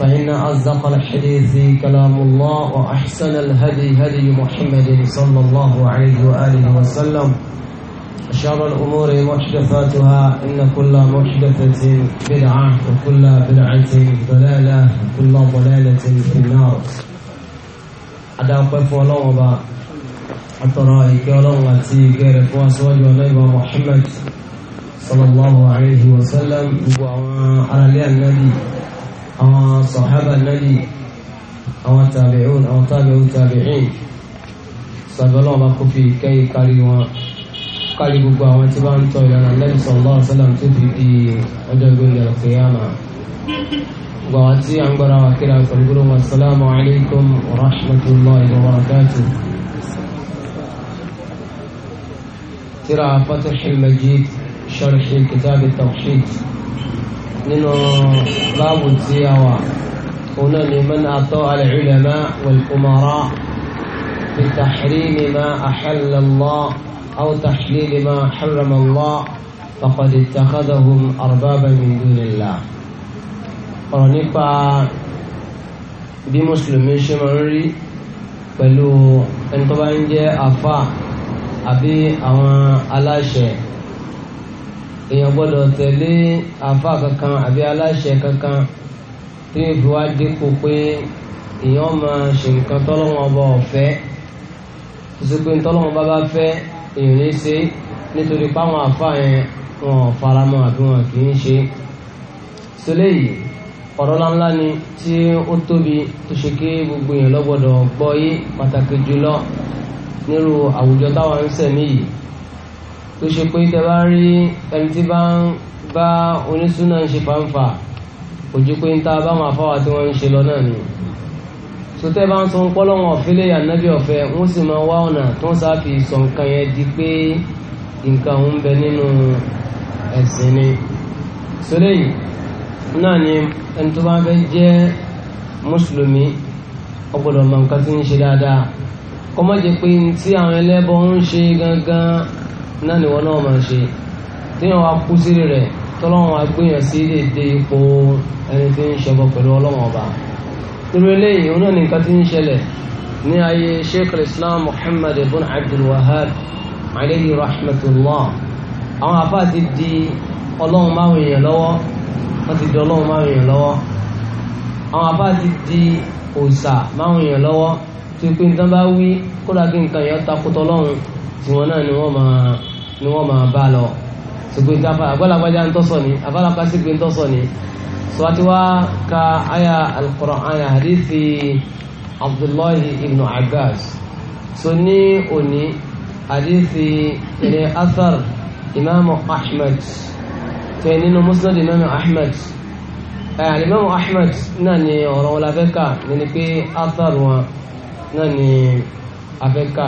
فإن أصدق الحديث كلام الله وأحسن الهدي هدي محمد صلى الله عليه وآله وسلم شر الأمور محدثاتها إن كل محدثة بدعة وكل بدعة ضلالة وكل ضلالة في النار أدعوكم الله أترى إكرام التي كانت وأسواج النبي محمد صلى الله عليه وسلم وعلى النبي àwọn sàhábà nàbì àwọn tàbíùn àwọn tàbíùn tàbíìn sàbẹ̀lọ́ ọba kò fi kẹ́yìn kárí wọn kárí gbogbo àwọn tí bá ń tọ́ ìlànà nàbì sallallahu alaihi wasallam tó fi di ọjọ́ ìgbéǹde àkèyàmà gbàwàtí à ń gbọ́ra wa kíra pẹ̀lú gbọ́dọ̀ wasalaamu alaykum wa rahmatulahi wa barakatuh. ترى فتح المجيد شرح كتاب التوحيد nínú báàbù tí a wà òun náà ni man atọ́ al-ulama wal-umara bi tahrimi ma ahalla Allah aw tahlili ma harrama Allah faqad ittakhadhahum arbaban min dunillah ọ̀rọ̀ nípa bí mùsùlùmí ṣe máa ń rí pẹ̀lú ẹni tó bá ń jẹ́ àfà àbí àwọn aláṣẹ èèyàn gbọ́dọ̀ tẹ̀lé àfa kankan àbí aláṣẹ kankan tí yóò fi wá dínkù pé èèyàn máa ṣe nǹkan tọ́lọ́wọ́n ọba ọ̀fẹ́ tuntun pé tọ́lọ́wọ́n bá bá fẹ́ èèyàn ní ṣe nítorí páwọn àfa yẹn wọn ò faramọ́ àbí wọn kì í ṣe. sọlẹ́ yìí ọ̀rọ̀ ńláńlá ni tí ó tóbi tó ṣe kí gbogbo èèyàn lọ́gbọ́dọ̀ gbọ́ yé pàtàkì jùlọ nírú àwùjọ táwọn ń sẹ̀mí yìí tó ṣe pé tẹ bá rí ẹni tí bá ń bá onísúná ń ṣe fàǹfà ojú pé ń ta báwọn afáwà tí wọ́n ń ṣe lọ náà ni sotẹ́ bá ń sọ pọ́lọ́wọ́n ọ̀fẹ́lẹ́ ànábì ọ̀fẹ́ wọ́n sì máa wá ọ̀nà tó ń sáfi sọ nǹkan yẹn di pé nǹkan ń bẹ nínú ẹ̀sìn ni sọlẹ́ yìí náà ni ẹni tó bá fẹ́ jẹ́ mùsùlùmí ó gbọ́dọ̀ nǹkan tí ń ṣe dáadáa kọ́mọ́jẹ́ pé tí àwọn ẹlẹ́bọ ń ṣe gangan náà ni wọn náà máa ṣe téèyàn wá kú sí rẹ̀ tọ́lọ́wọ́n wá gbéyàn sí èdè ipò ẹni tí ń ṣẹbọ pẹ̀lú ọlọ́wọ́n ọba nínú eléyìí òun náà ní nǹkan tí ń ṣẹlẹ̀ ní ayé sheikh islam muhammad ibn abdul wahab alayhi rahmatullah àwọn àfáà ti di ọlọ́run máa wèèyàn lọ́wọ́ wọ́n ti di ọlọ́run máa wèèyàn lọ́wọ́ àwọn àfáà ti di òòṣà máa wèèyàn lọ́wọ́ tí pé nǹkan bá wí kó dàgbé nǹkan yẹn takótọ́ ọlọ́run tiwọn náà ni wọ́n máa ni wọ́n máa bá lọ ṣùgbọ́n ìta àgbàlagbàjá ń tọ́sọ̀ ni àbálàpá sì gbé ń tọ́sọ̀ ni sọ́wọ́tí wá ka aya al-Qur'an hadithi Abdullahi ibn Abbas so ní òní hadithi ilẹ̀ athar imaamu Ahmad tẹ nínú musnad imaamu Ahmad alimaamu Ahmad náà ni ọ̀rọ̀ wọn la fẹ́ kà ní pé athar wọn náà ni afẹ́ kà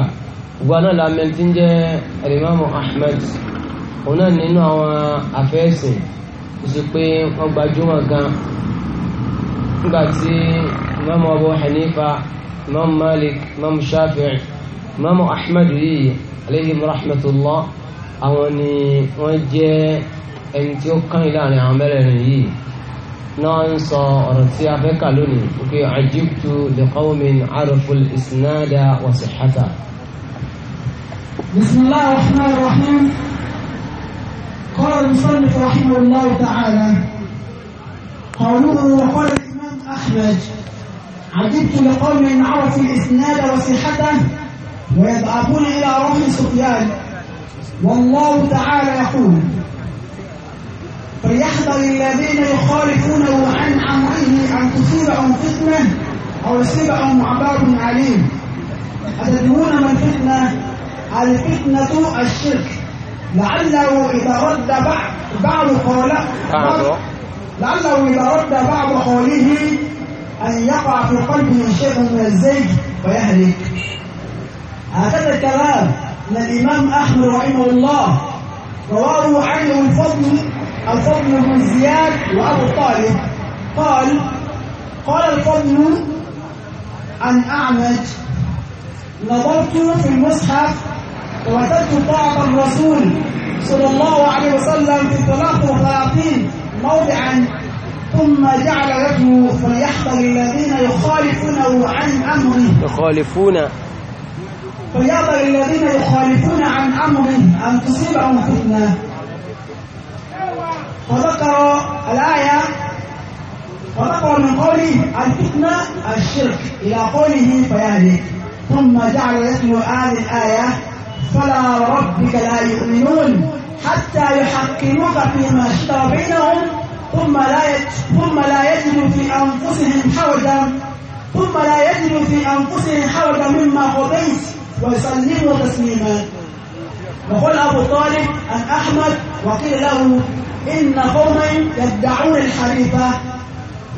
gbaná lamẹ́ntì jẹ́ ẹ̀rìmọ́mù ahmed òun náà nínú àwọn afẹ́sìn tó ṣe pé wọ́n gbajúmọ̀ gan nígbà tí imam abu hanifa imam malik imam shafi'i imam ahmed yìí aleyhi rahmatullah àwọn ni wọ́n jẹ́ ẹni tí ó kàn yín àwọn mẹ́rẹ̀ẹ̀rin yìí náà ń sọ ọ̀rọ̀ tí a fẹ́ kà lónìí wípé ajibtu liqawmin araful isnada wa sihata. بسم الله الرحمن الرحيم قال المصنف رحمه الله تعالى قوله وقال الإمام أحمد عجبت لقوم عرفوا الإسناد وصحته ويضعفون إلى روح سفيان والله تعالى يقول فليحذر الذين يخالفونه عن أمره أن تصيبهم فتنة أو يصيبهم عذاب عليم أتدرون ما الفتنة الفتنة الشرك لعله إذا رد بعض قوله لعله إذا رد بعض قوله أن يقع في قلبه شيء من الزيج ويهلك هكذا الكلام من الإمام أحمد رحمه الله رواه عنه الفضل الفضل بن زياد وأبو طالب قال قال الفضل عن أعمد نظرت في المصحف ووجدت طاعة الرسول صلى الله عليه وسلم في وثلاثين موضعا ثم جعل يده فليحذر الذين يخالفونه عن امره يخالفون فليحذر الذين يخالفون عن امره ان تصيبهم فتنه فذكر الايه فذكر من قوله الفتنه الشرك الى قوله فيهلك ثم جعل يتلو هذه الايه فلا ربك لا يؤمنون حتى يحكموك فيما شجر بينهم ثم لا ثم لا يجدوا في انفسهم حرجا ثم لا يجدوا في انفسهم حرجا مما قضيت ويسلموا تسليما وقال ابو طالب عن احمد وقيل له ان قوما يدعون الحديث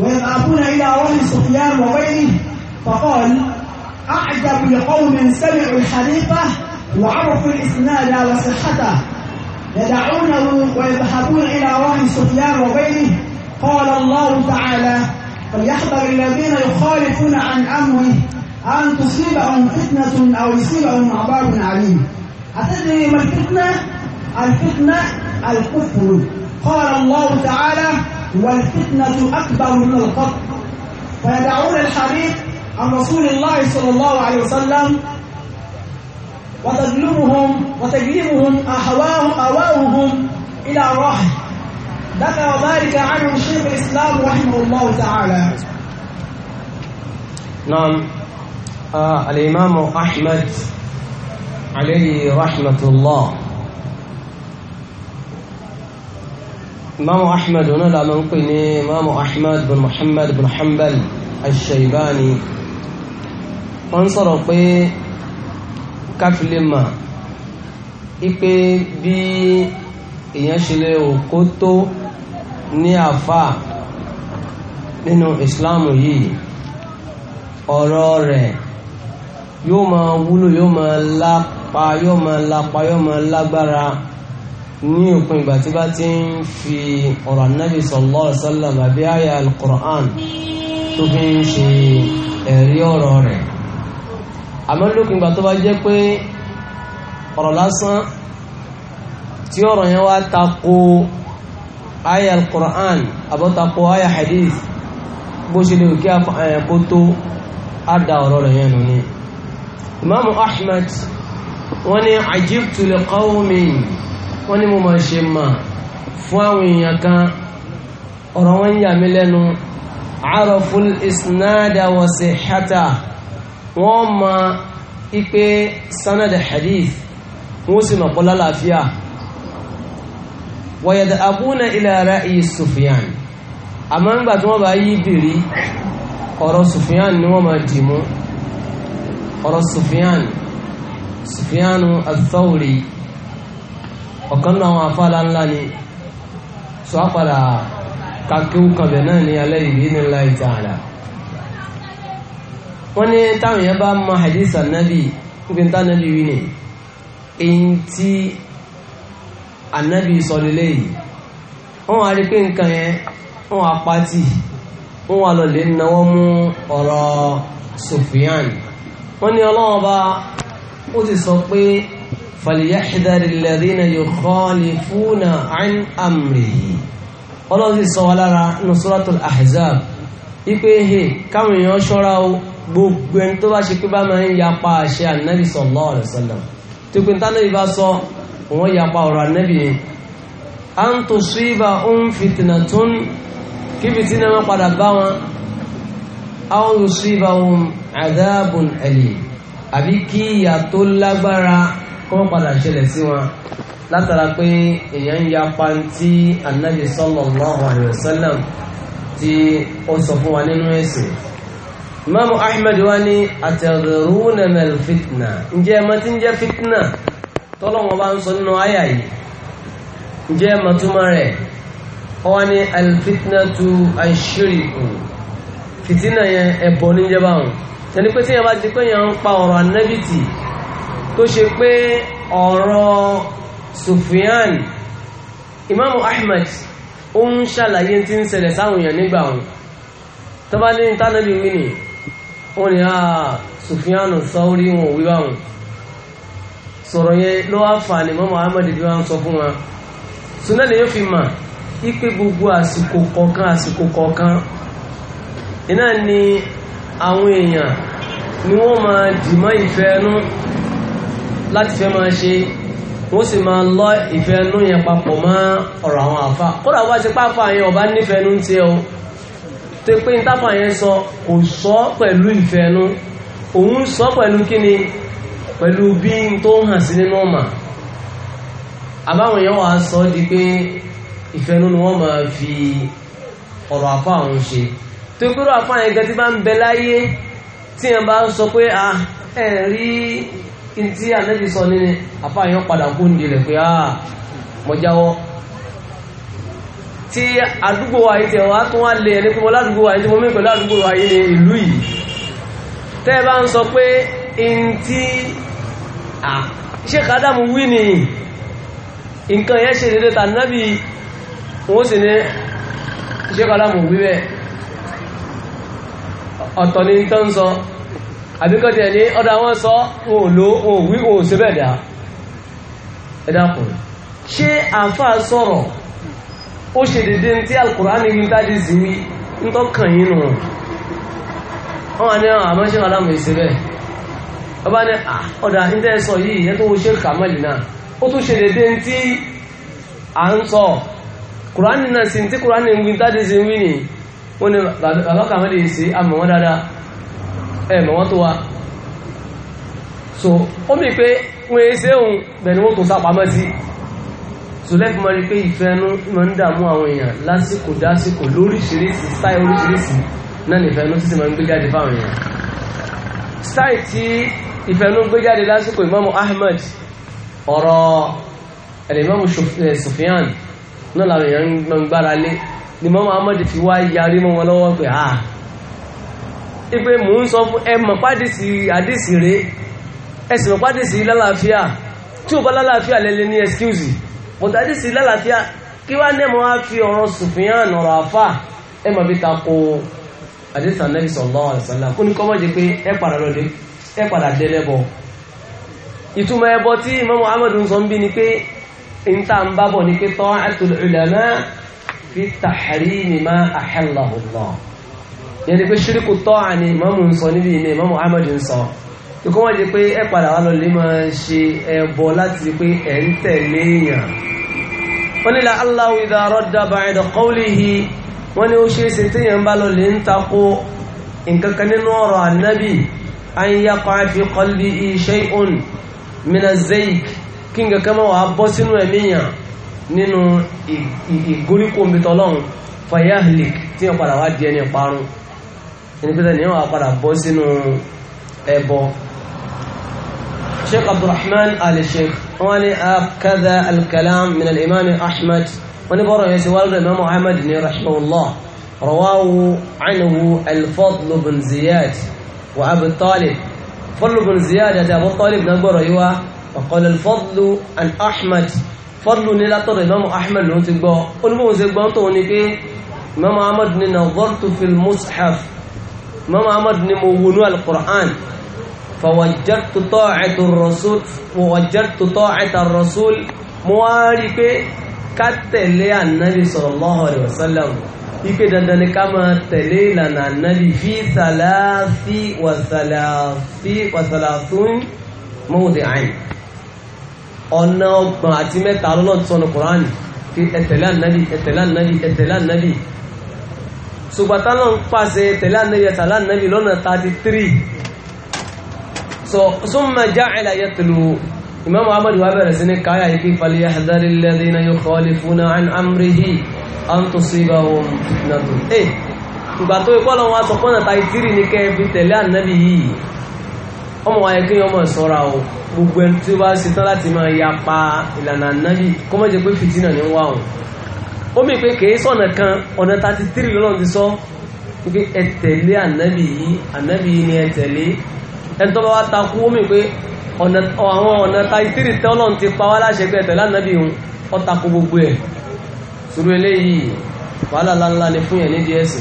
ويذهبون الى رجل سفيان وغيره فقال اعجب لقوم سمعوا الحديث وعرفوا الاسناد على صحته يدعونه ويذهبون الى وهم سفيان وغيره قال الله تعالى فليحذر الذين يخالفون عن امره ان تصيبهم فتنه او يصيبهم عذاب عليم اتدري ما الفتنه الفتنه الكفر قال الله تعالى والفتنه اكبر من القتل فيدعون الحديث عن رسول الله صلى الله عليه وسلم وتظلمهم وتجلبهم أهواهم إلى الرحم ذكر ذلك عن شيخ الإسلام رحمه الله تعالى نعم آه الإمام أحمد عليه رحمة الله إمام أحمد هنا لا ممكن إمام أحمد بن محمد بن حنبل الشيباني wọ́n sọ̀rọ̀ káfílẹ̀ mọ̀ ipe bí èèyàn ṣe lè òkó tó ní àfà nínú ìsìláàmù yìí ọ̀rọ̀ rẹ̀ yóò máa wúlò yóò máa lápa yóò máa lápa yóò máa lágbára ní òpin ìgbà tí bá ti ń fi ọ̀rọ̀ anábì sallallahu alaihi wasallam àbí àyà al-Qur'an tó fi ń ṣe ẹ̀rí ọ̀rọ̀ rẹ̀ àmọ́ lókè ìgbà tó bá jẹ́ pé ọ̀rọ̀ lásán tí ọ̀rọ̀ yẹn wá tako aya al-Qur'an àbọ́tako aya hadith bó ṣe lè kí àyàkó eh, tó á da ọ̀rọ̀ rẹ̀ yẹn nù ni ahmed wọ́n ní ajibtu li qawmin wọ́n ní mo máa ṣe mà fún àwọn èèyàn kan ọ̀rọ̀ wọn yà mí lẹ́nu araful isnada wa wọ́n ma ipe sanad hadith wọ́n sì mọ̀ pọ́lá láàfíà wọ̀yẹ̀dà abúna ila ra'i Sufyan àmọ́ ńgbà tí wọ́n bá yí bèrí ọ̀rọ̀ Sufyan ni wọ́n ma dì mú ọ̀rọ̀ Sufyan Sufyanu al-Thawri ọ̀kan náà wọn afáàlá ńlá ni sọ àpàdà kakéwù kàbẹ̀ náà ní alẹ́ ìbí ní láì tààlà wọ́n ní táwọn èèyàn bá mọ hadith anabi níbi tá anabi wí ni èyí tí anabi sọ lélẹ̀ yìí wọ́n wá rí pé nǹkan yẹn wọ́n wá pátì wọ́n wá lọ lè náwó mú ọ̀rọ̀ Sufyan wọ́n ní ọlọ́wọ́n bá ó ti sọ pé fàlìyàḥdàrí lẹ́dínà yóò kọ́ ní fúnà án àmì ọlọ́wọ́n ti sọ wá lára nusratul ahzab ipe he káwọn èèyàn ṣọ́ra o gbogbo ẹni tó bá ṣe pé bá máa ń yapa àṣẹ ànábì sallallahu alaihi wasallam tó pé tánàbì bá sọ òun yapa ọ̀rọ̀ ànábì yẹn à ń tó ṣíbà ń fìtìnà tó ń kí fìtìnà wọn padà bá wọn à ń lò ṣíbà ń adhabun alim àbí kí ìyà tó lágbára kó padà ṣẹlẹ̀ sí wọn látara pé èèyàn ń yapa tí ànábì sallallahu alaihi wasallam tí ó sọ fún wa nínú ẹ̀sìn imamu ahmed wa ni àtẹ̀rùnà mẹ́lì fitna ǹjẹ́ ẹ̀mọ́ tí ń jẹ́ fitna tọ́lọ́wọ́n bá ń sọ nínú àyà yìí ǹjẹ́ ẹ̀mọ́ túmọ̀ rẹ̀ ọwọ́ ni alfitna tu aṣíríkù fitina yẹn ẹ̀bọ níjẹ́ báwọn tẹni pé tí yẹn bá ti pé yẹn ń pa ọ̀rọ̀ anẹ́bìtì tó ṣe pé ọ̀rọ̀ sufiyan imamu ahmed ó ń ṣàlàyé tí ń ṣẹlẹ̀ sáwọn èèyàn nígbà wọn tó ní tánàbí wí nìyí wọ́n ní ah, àà Sufyanu Sauri wọn wí báwọn sọ̀rọ̀ yẹn ló wá fà ní mọ́mọ́ Ahmed bí wọ́n sọ fún wa sunnah lè yóò fi mà ipe gbogbo àsìkò kọ̀ọ̀kan àsìkò kọ̀ọ̀kan iná ni àwọn èèyàn ni wọ́n máa dìmọ́ ìfẹ́ ẹnu láti fẹ́ máa ṣe wọ́n sì máa lọ ìfẹ́ ẹnu yẹn papọ̀ mọ́ ọ̀rọ̀ àwọn àfa kódà wọ́n ti pàfà yẹn ọba nífẹ̀ẹ́ ẹnu ń tiẹ̀ o tó pé ìtàfà yẹn sọ kò sọ pẹ̀lú ìfẹ́nu òun sọ pẹ̀lú kíni pẹ̀lú bí n tó hàn sí nínú ọmọ àbáwọn èèyàn wà sọ di pé ìfẹ́nu ni wọ́n máa fi ọ̀rọ̀ àfà àwọn ṣe tó pé ọ̀rọ̀ àfà yẹn gẹ́gẹ́ tí bá ń bẹ láyé tí ẹ bá ń sọ pé à ẹ̀ rí tí ànẹ́bí sọ nínú àfà yẹn padà kó ń pé à mọ̀jáwọ́ tí àdúgbò wa yìí tẹ̀ wá tún wá lè ẹni púpọ̀ ládùgbò wa yìí tí mo mí pẹ̀lú àdúgbò wa yìí ní ìlú yìí tẹ́ bá ń sọ pé in tí Sheikh Adam wí ni nǹkan yẹn ṣe dédé tànábì wọ́n sì ní Sheikh Adam wí bẹ́ẹ̀ ọ̀tọ̀ ni tó ń sọ àbíkọ́tì ẹ̀ ní ọ̀dọ̀ sọ wọn ò lò wọn ò wí wọn ò sí bẹ́ẹ̀ dá ẹ ṣé àǹfà sọ̀rọ̀ ó ṣe dédé ní tí alukùránì yìí dájú sí wí ń tọ́kàn yín nù wọ́n wà ní ah, àmọ́ ṣe aláàmù ìṣe a ọba ní ah, ọ̀dà sọ yìí yẹn tó ṣe kàmẹ́lì náà ó tún ṣe dédé tí à ń sọ kùránì náà sí tí kùránì ń wí sí wí nì wọ́n ní bàbá kàmẹ́lì yìí wa so ó mì pé wọ́n ṣe òun bẹ̀ wọ́n tó sọlẹ́fì máa rí pé ìfẹ́nu máa ń dààmú àwọn èèyàn lásìkò dásìkò lóríṣiríṣi stáì oríṣiríṣi náà ní ìfẹ́nu títí máa ń gbé jáde fáwọn èèyàn stáì tí ìfẹ́nu gbé jáde lásìkò ìmáàmù Ahmed ọ̀rọ̀ ẹ̀lẹ́mọ̀mù eh, Sufyan náà làwọn èèyàn máa ń gbára lé ni ìmáàmù Ahmed fi wá yarí mọ́ wọn lọ́wọ́ pé ah ipe mò ń sọ fún ẹ mọ̀ pádìsì àdìsì rèé ẹ sì mọ̀ pádìsì lálàáfíà tí ò bá lálàáfíà lẹ́lẹ́ ní excuse mọ̀tàdísì lálàáfíà kí wá nẹ́mọ̀ á fi ọ̀rọ̀ sùfìyàn ọ̀rọ̀ àfà ẹ mọ̀ fi tako àdìsàn nẹ́bí sallallahu alaihi wasallam kó ní kọ́ mọ́ jẹ pé ẹ padà lọ́dẹ ẹ padà dẹ́lẹ́bọ̀ ìtumọ̀ ẹbọ tí Imam Ahmad ń sọ ń bí ni pé ń tà ń bábọ̀ ni pé ta'atul ulama fi tahrimi ma ahallahu Allah yẹn ni pé ṣíríkù tọ́ àní Imam sọ níbi ìní Imam Ahmad sọ kó wọ́n di pé ẹ padà wá lọ lè máa ṣe ẹbọ láti rí pé ẹ̀ ń tẹ̀lé èèyàn wọ́n nílá Allahu idha radda ba'da qawlihi wọ́n ní ó ṣe é ṣe téèyàn bá lọ lè ń takò nǹkan kan nínú ọ̀rọ̀ ànábì an yaqa fi qalbihi shay'un min az kí nǹkan kan máa wà á sínú ẹ̀mí yàn nínú ìgóríkò fayahlik tí wọ́n padà wá di ẹni parun ẹni pẹ́tẹ́ ni wọ́n padà bọ́ sínú ẹbọ الشيخ عبد الرحمن آل الشيخ وأنا كذا الكلام من الإمام أحمد ونبرع يسوال الإمام أحمد رحمه الله رواه عنه الفضل بن زياد وأبو الطالب فضل بن زياد هذا أبو الطالب نبرع أيوة وقال الفضل عن أحمد فضل نلاتر إمام أحمد نتبع قل مو زبان تونيكي إمام أحمد نظرت في المصحف إمام أحمد نمو القرآن فوجدت طاعة الرسول ووجدت طاعة الرسول مواريك كتلي النبي صلى الله عليه وسلم ipe dandan ni ká máa tẹ̀lé ìlànà ànábì fi sàlàáfí wàsàlàfún mọ́wòdì àìn ọ̀nà ọgbọ̀n àti mẹ́ta lọ́nà tí sọ́nà kùránì fi ẹ̀tẹ̀lé ànábì ẹ̀tẹ̀lé ànábì ẹ̀tẹ̀lé ànábì ṣùgbọ́n tálọ́ ń pàṣẹ ẹ̀tẹ̀lé ànábì ẹ̀tẹ̀lé ànábì lọ́nà 33 so summa ja'ala yatlu imam ahmad wa bẹ̀rẹ̀ sí ní káyà yìí kí falyahdhari alladhina yukhalifuna an amrihi an tusibahum fitnatun eh ìgbà tó ipọ́ lọ́wọ́ aṣọ pọ́nà ta ìtírì ní kẹfì tẹ̀lé ànábì yìí ọmọ wa yẹ kí ọmọ o gbogbo ẹni tí ó bá ṣe tán láti ya pa ìlànà ànábì kó má jẹ́ pé fìtínà ní wà o ó mì pé kìí sọ̀nà kan ọ̀nà ta ti tírì ti sọ pé ẹ tẹ̀lé ànábì yìí ànábì yìí ni ẹ ẹ̀ntọ́ bá wá takú omi pé àwọn ọ̀nà ta ìtìrì tẹ́ ọlọ́run ti pa wá láṣẹ pé ẹ̀tẹ̀lá nàbí òun ọ takú gbogbo ẹ̀ sùúrù eléyìí wàhálà ńláńlá ni fún yẹn ní díẹ̀ sí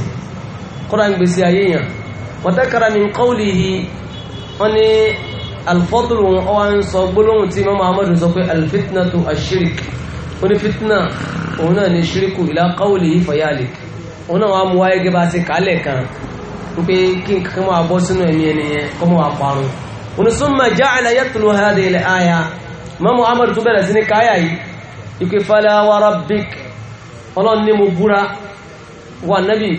kọ́ra ń gbèsè ayé yẹn wọ́tẹ́kara mi kọ́ọ̀lì yìí wọ́n ní alfọ́tòlù wọn wá ń sọ gbólóhùn tí mọ́mọ́ amadu sọ pé alfitna tu ashirik ó ní fitna òun náà ní shiriku ìlà kọ́ọ̀lì yìí fọyàlì òun náà wà mú wáyé gẹ́gẹ́ bá kálẹ̀ kan wípé kí nǹkan máa bọ́ sínú ẹ̀mí ẹni yẹn kọ́ mọ́ wà parun onísùnmọ̀ já àlàyé tó lọ́wọ́ hádé ilẹ̀ àyà mọ́mú amadu tó bẹ̀rẹ̀ sí ní káyà yìí ìpè falẹ̀ awara bík ọlọ́run ní mo búra wà nábì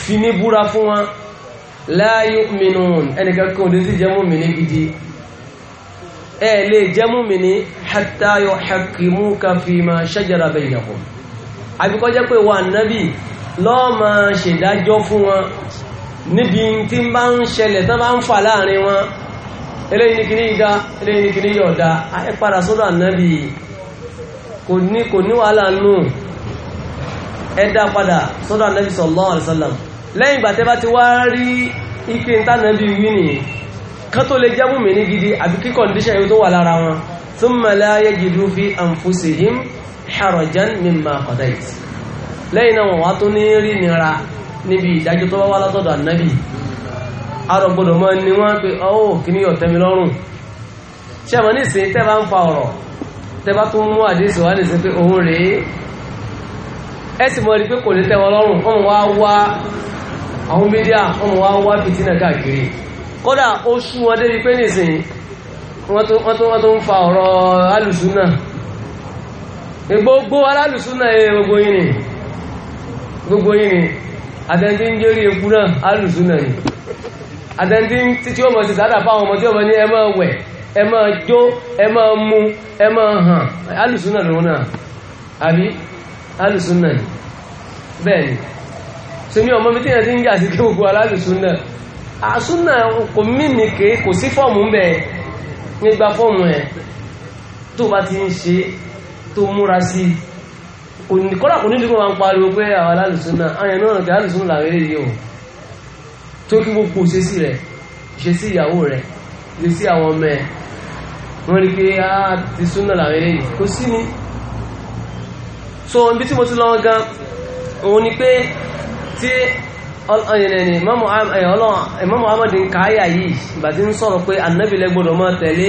fi ní búra fún wa la yu'minun ẹnìkan kan òde sí jẹ́mú mi ní gidi ẹ lè jẹ́mú mi ní hatta yuhakkimuka fima shajara baynahum àbíkọ́jẹ́ pé wà nábì lọ́ọ́ máa ṣèdájọ́ fún wọn níbi tí ń bá ń ṣẹlẹ̀ tán bá ń fà láàrin wọn eléyìí ní kìíní ìdá eléyìí ní kìíní yọ̀dá ẹ padà sọ́dọ̀ ànábì kò ní kò ní wàhálà nù ẹ padà sọ́dọ̀ ànábì sallallahu alaihi wasallam lẹ́yìn ìgbà tẹ́ bá ti wá rí ipe ntánàbì wí nìyí kán tó lè jẹ́ mú mi ní gidi àbí kí kọ̀ǹdíṣàn yóò tó wà lára wọn thumma la yajidu fi anfusihim harajan mimma qadayt lẹ́yìn náà wọ́n wá tó ní rí nira níbi ìdájọ́ tó bá wá látọ̀dọ̀ ànábì arọ gbọdọ̀ mọ́ ni wọ́n pe ọ́ kìíní ọ̀tẹ́mi lọ́rùn ṣe mọ̀ nísìnyí tẹ́ bá ń fa ọ̀rọ̀ tẹ́ bá tún mú àdéhùn wá nísìnyí pé òun rèé ẹ sì mọ̀ rí pé kò lè tẹ́ wọn lọ́rùn wọ́n wá wá àwọn mídíà wọ́n wá wá fìtínà káàkiri kódà ó sú wọn débi pé nísìnyí wọ́n tún wọ́n tún ń gbogbo eh, yìí ni gbogbo yìí ni àtẹ́ntí ń jórí eku náà alùsùnà ni àtẹ́ntí tí ó mọ̀ sí sádà fáwọn ọmọ tí ó mọ̀ ní ẹ máa wẹ̀ ẹ máa jó ẹ máa mu ẹ máa hàn alùsùnà lòun náà àbí alùsùnà ni bẹ́ẹ̀ ni tí ní ọmọ mítí ẹ̀sí ń jà sí gbogbo alálùsúnà àsúnà kò mí nìké kò sí fọ́ọ̀mù ń bẹ nígbà fọ́ọ̀mù ẹ̀ tó bá ti ń ṣe tó múra sí i kọ́lá kò ní dìgbò máa ń pariwo pé àwọn alálùsùn náà àyàn náà kí alálùsùn làwọn eré yìí o tó kí gbogbo ṣe sí rẹ̀ ṣe sí ìyàwó rẹ̀ ṣe sí àwọn ọmọ ẹ̀ wọ́n rí pé a ti sún náà làwọn eré yìí kò sí ni so ibi tí mo ti lọ gan òun ni pé tí ọ̀yẹ̀nẹ̀ni Imamu Ahmad ń káyà yìí ìgbà tí ń sọ̀rọ̀ pé anábìlẹ̀ gbọ́dọ̀ máa tẹ̀lé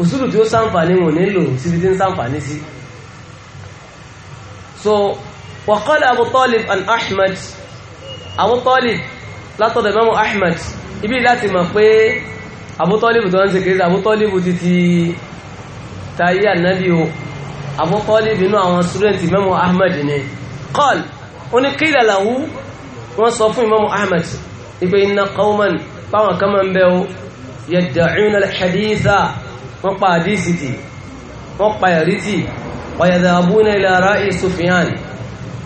òsùlù tí ó sàǹfààní wọn nílò síbi tí ń sàǹfààní sí so waqala Abu Talib an Ahmad Abu Talib látọ̀dọ̀ mẹ́mú Ahmad ibi láti mọ̀ pé Abu Talib tó ń ṣe kéré Abu Talib ti ti tayé ànábì o Abu Talib inú àwọn sùdẹ́ǹtì mẹ́mú Ahmad ni qal oní qila lahu wọ́n sọ fún Imam Ahmad ìpè inna qawman báwọn kan máa ń bẹ́ o yadda'una al-haditha wọ́n pa àdísì tì wọ́n pa ẹ̀rí tì ọ̀yẹ̀dà abúlé ilẹ̀ ara ì Sufyan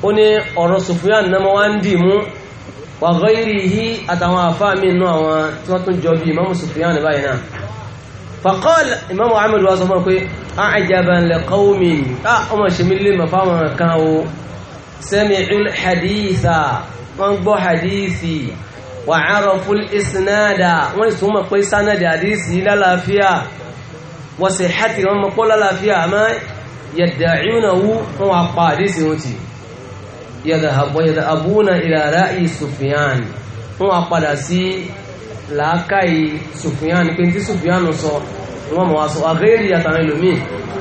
ó ní ọ̀rọ̀ Sufyan náà máa ń dì mú wa ghayrihi àtàwọn àfáà mi nù àwọn tí wọ́n tún jọ bí Imam Sufyan báyìí náà faqal Imam Ahmad wa sọ fún pé a'jaban li qawmin ah ọmọ ìṣẹ́mi lè mọ̀ fáwọn kan o sami'ul haditha wọ́n gbọ́ hadithi wa'arafu al-isnada wọ́n ìsúnmọ̀ pé sanadi hadithi lálàáfíà wọ́n sì hẹ́tì wọn mọ́ pọ́lá láfíà àmọ́ yẹ̀dà ìrìnàwó wọn wà pa àdísì wọn ti yẹ̀dà abúna ìràrá ìsùfìyàn wọn wà padà sí làákàyè sùfìyàn pé tí sùfìyàn sọ wọn mọ̀ wá sọ àgẹ́rì àtàwọn ìlúmí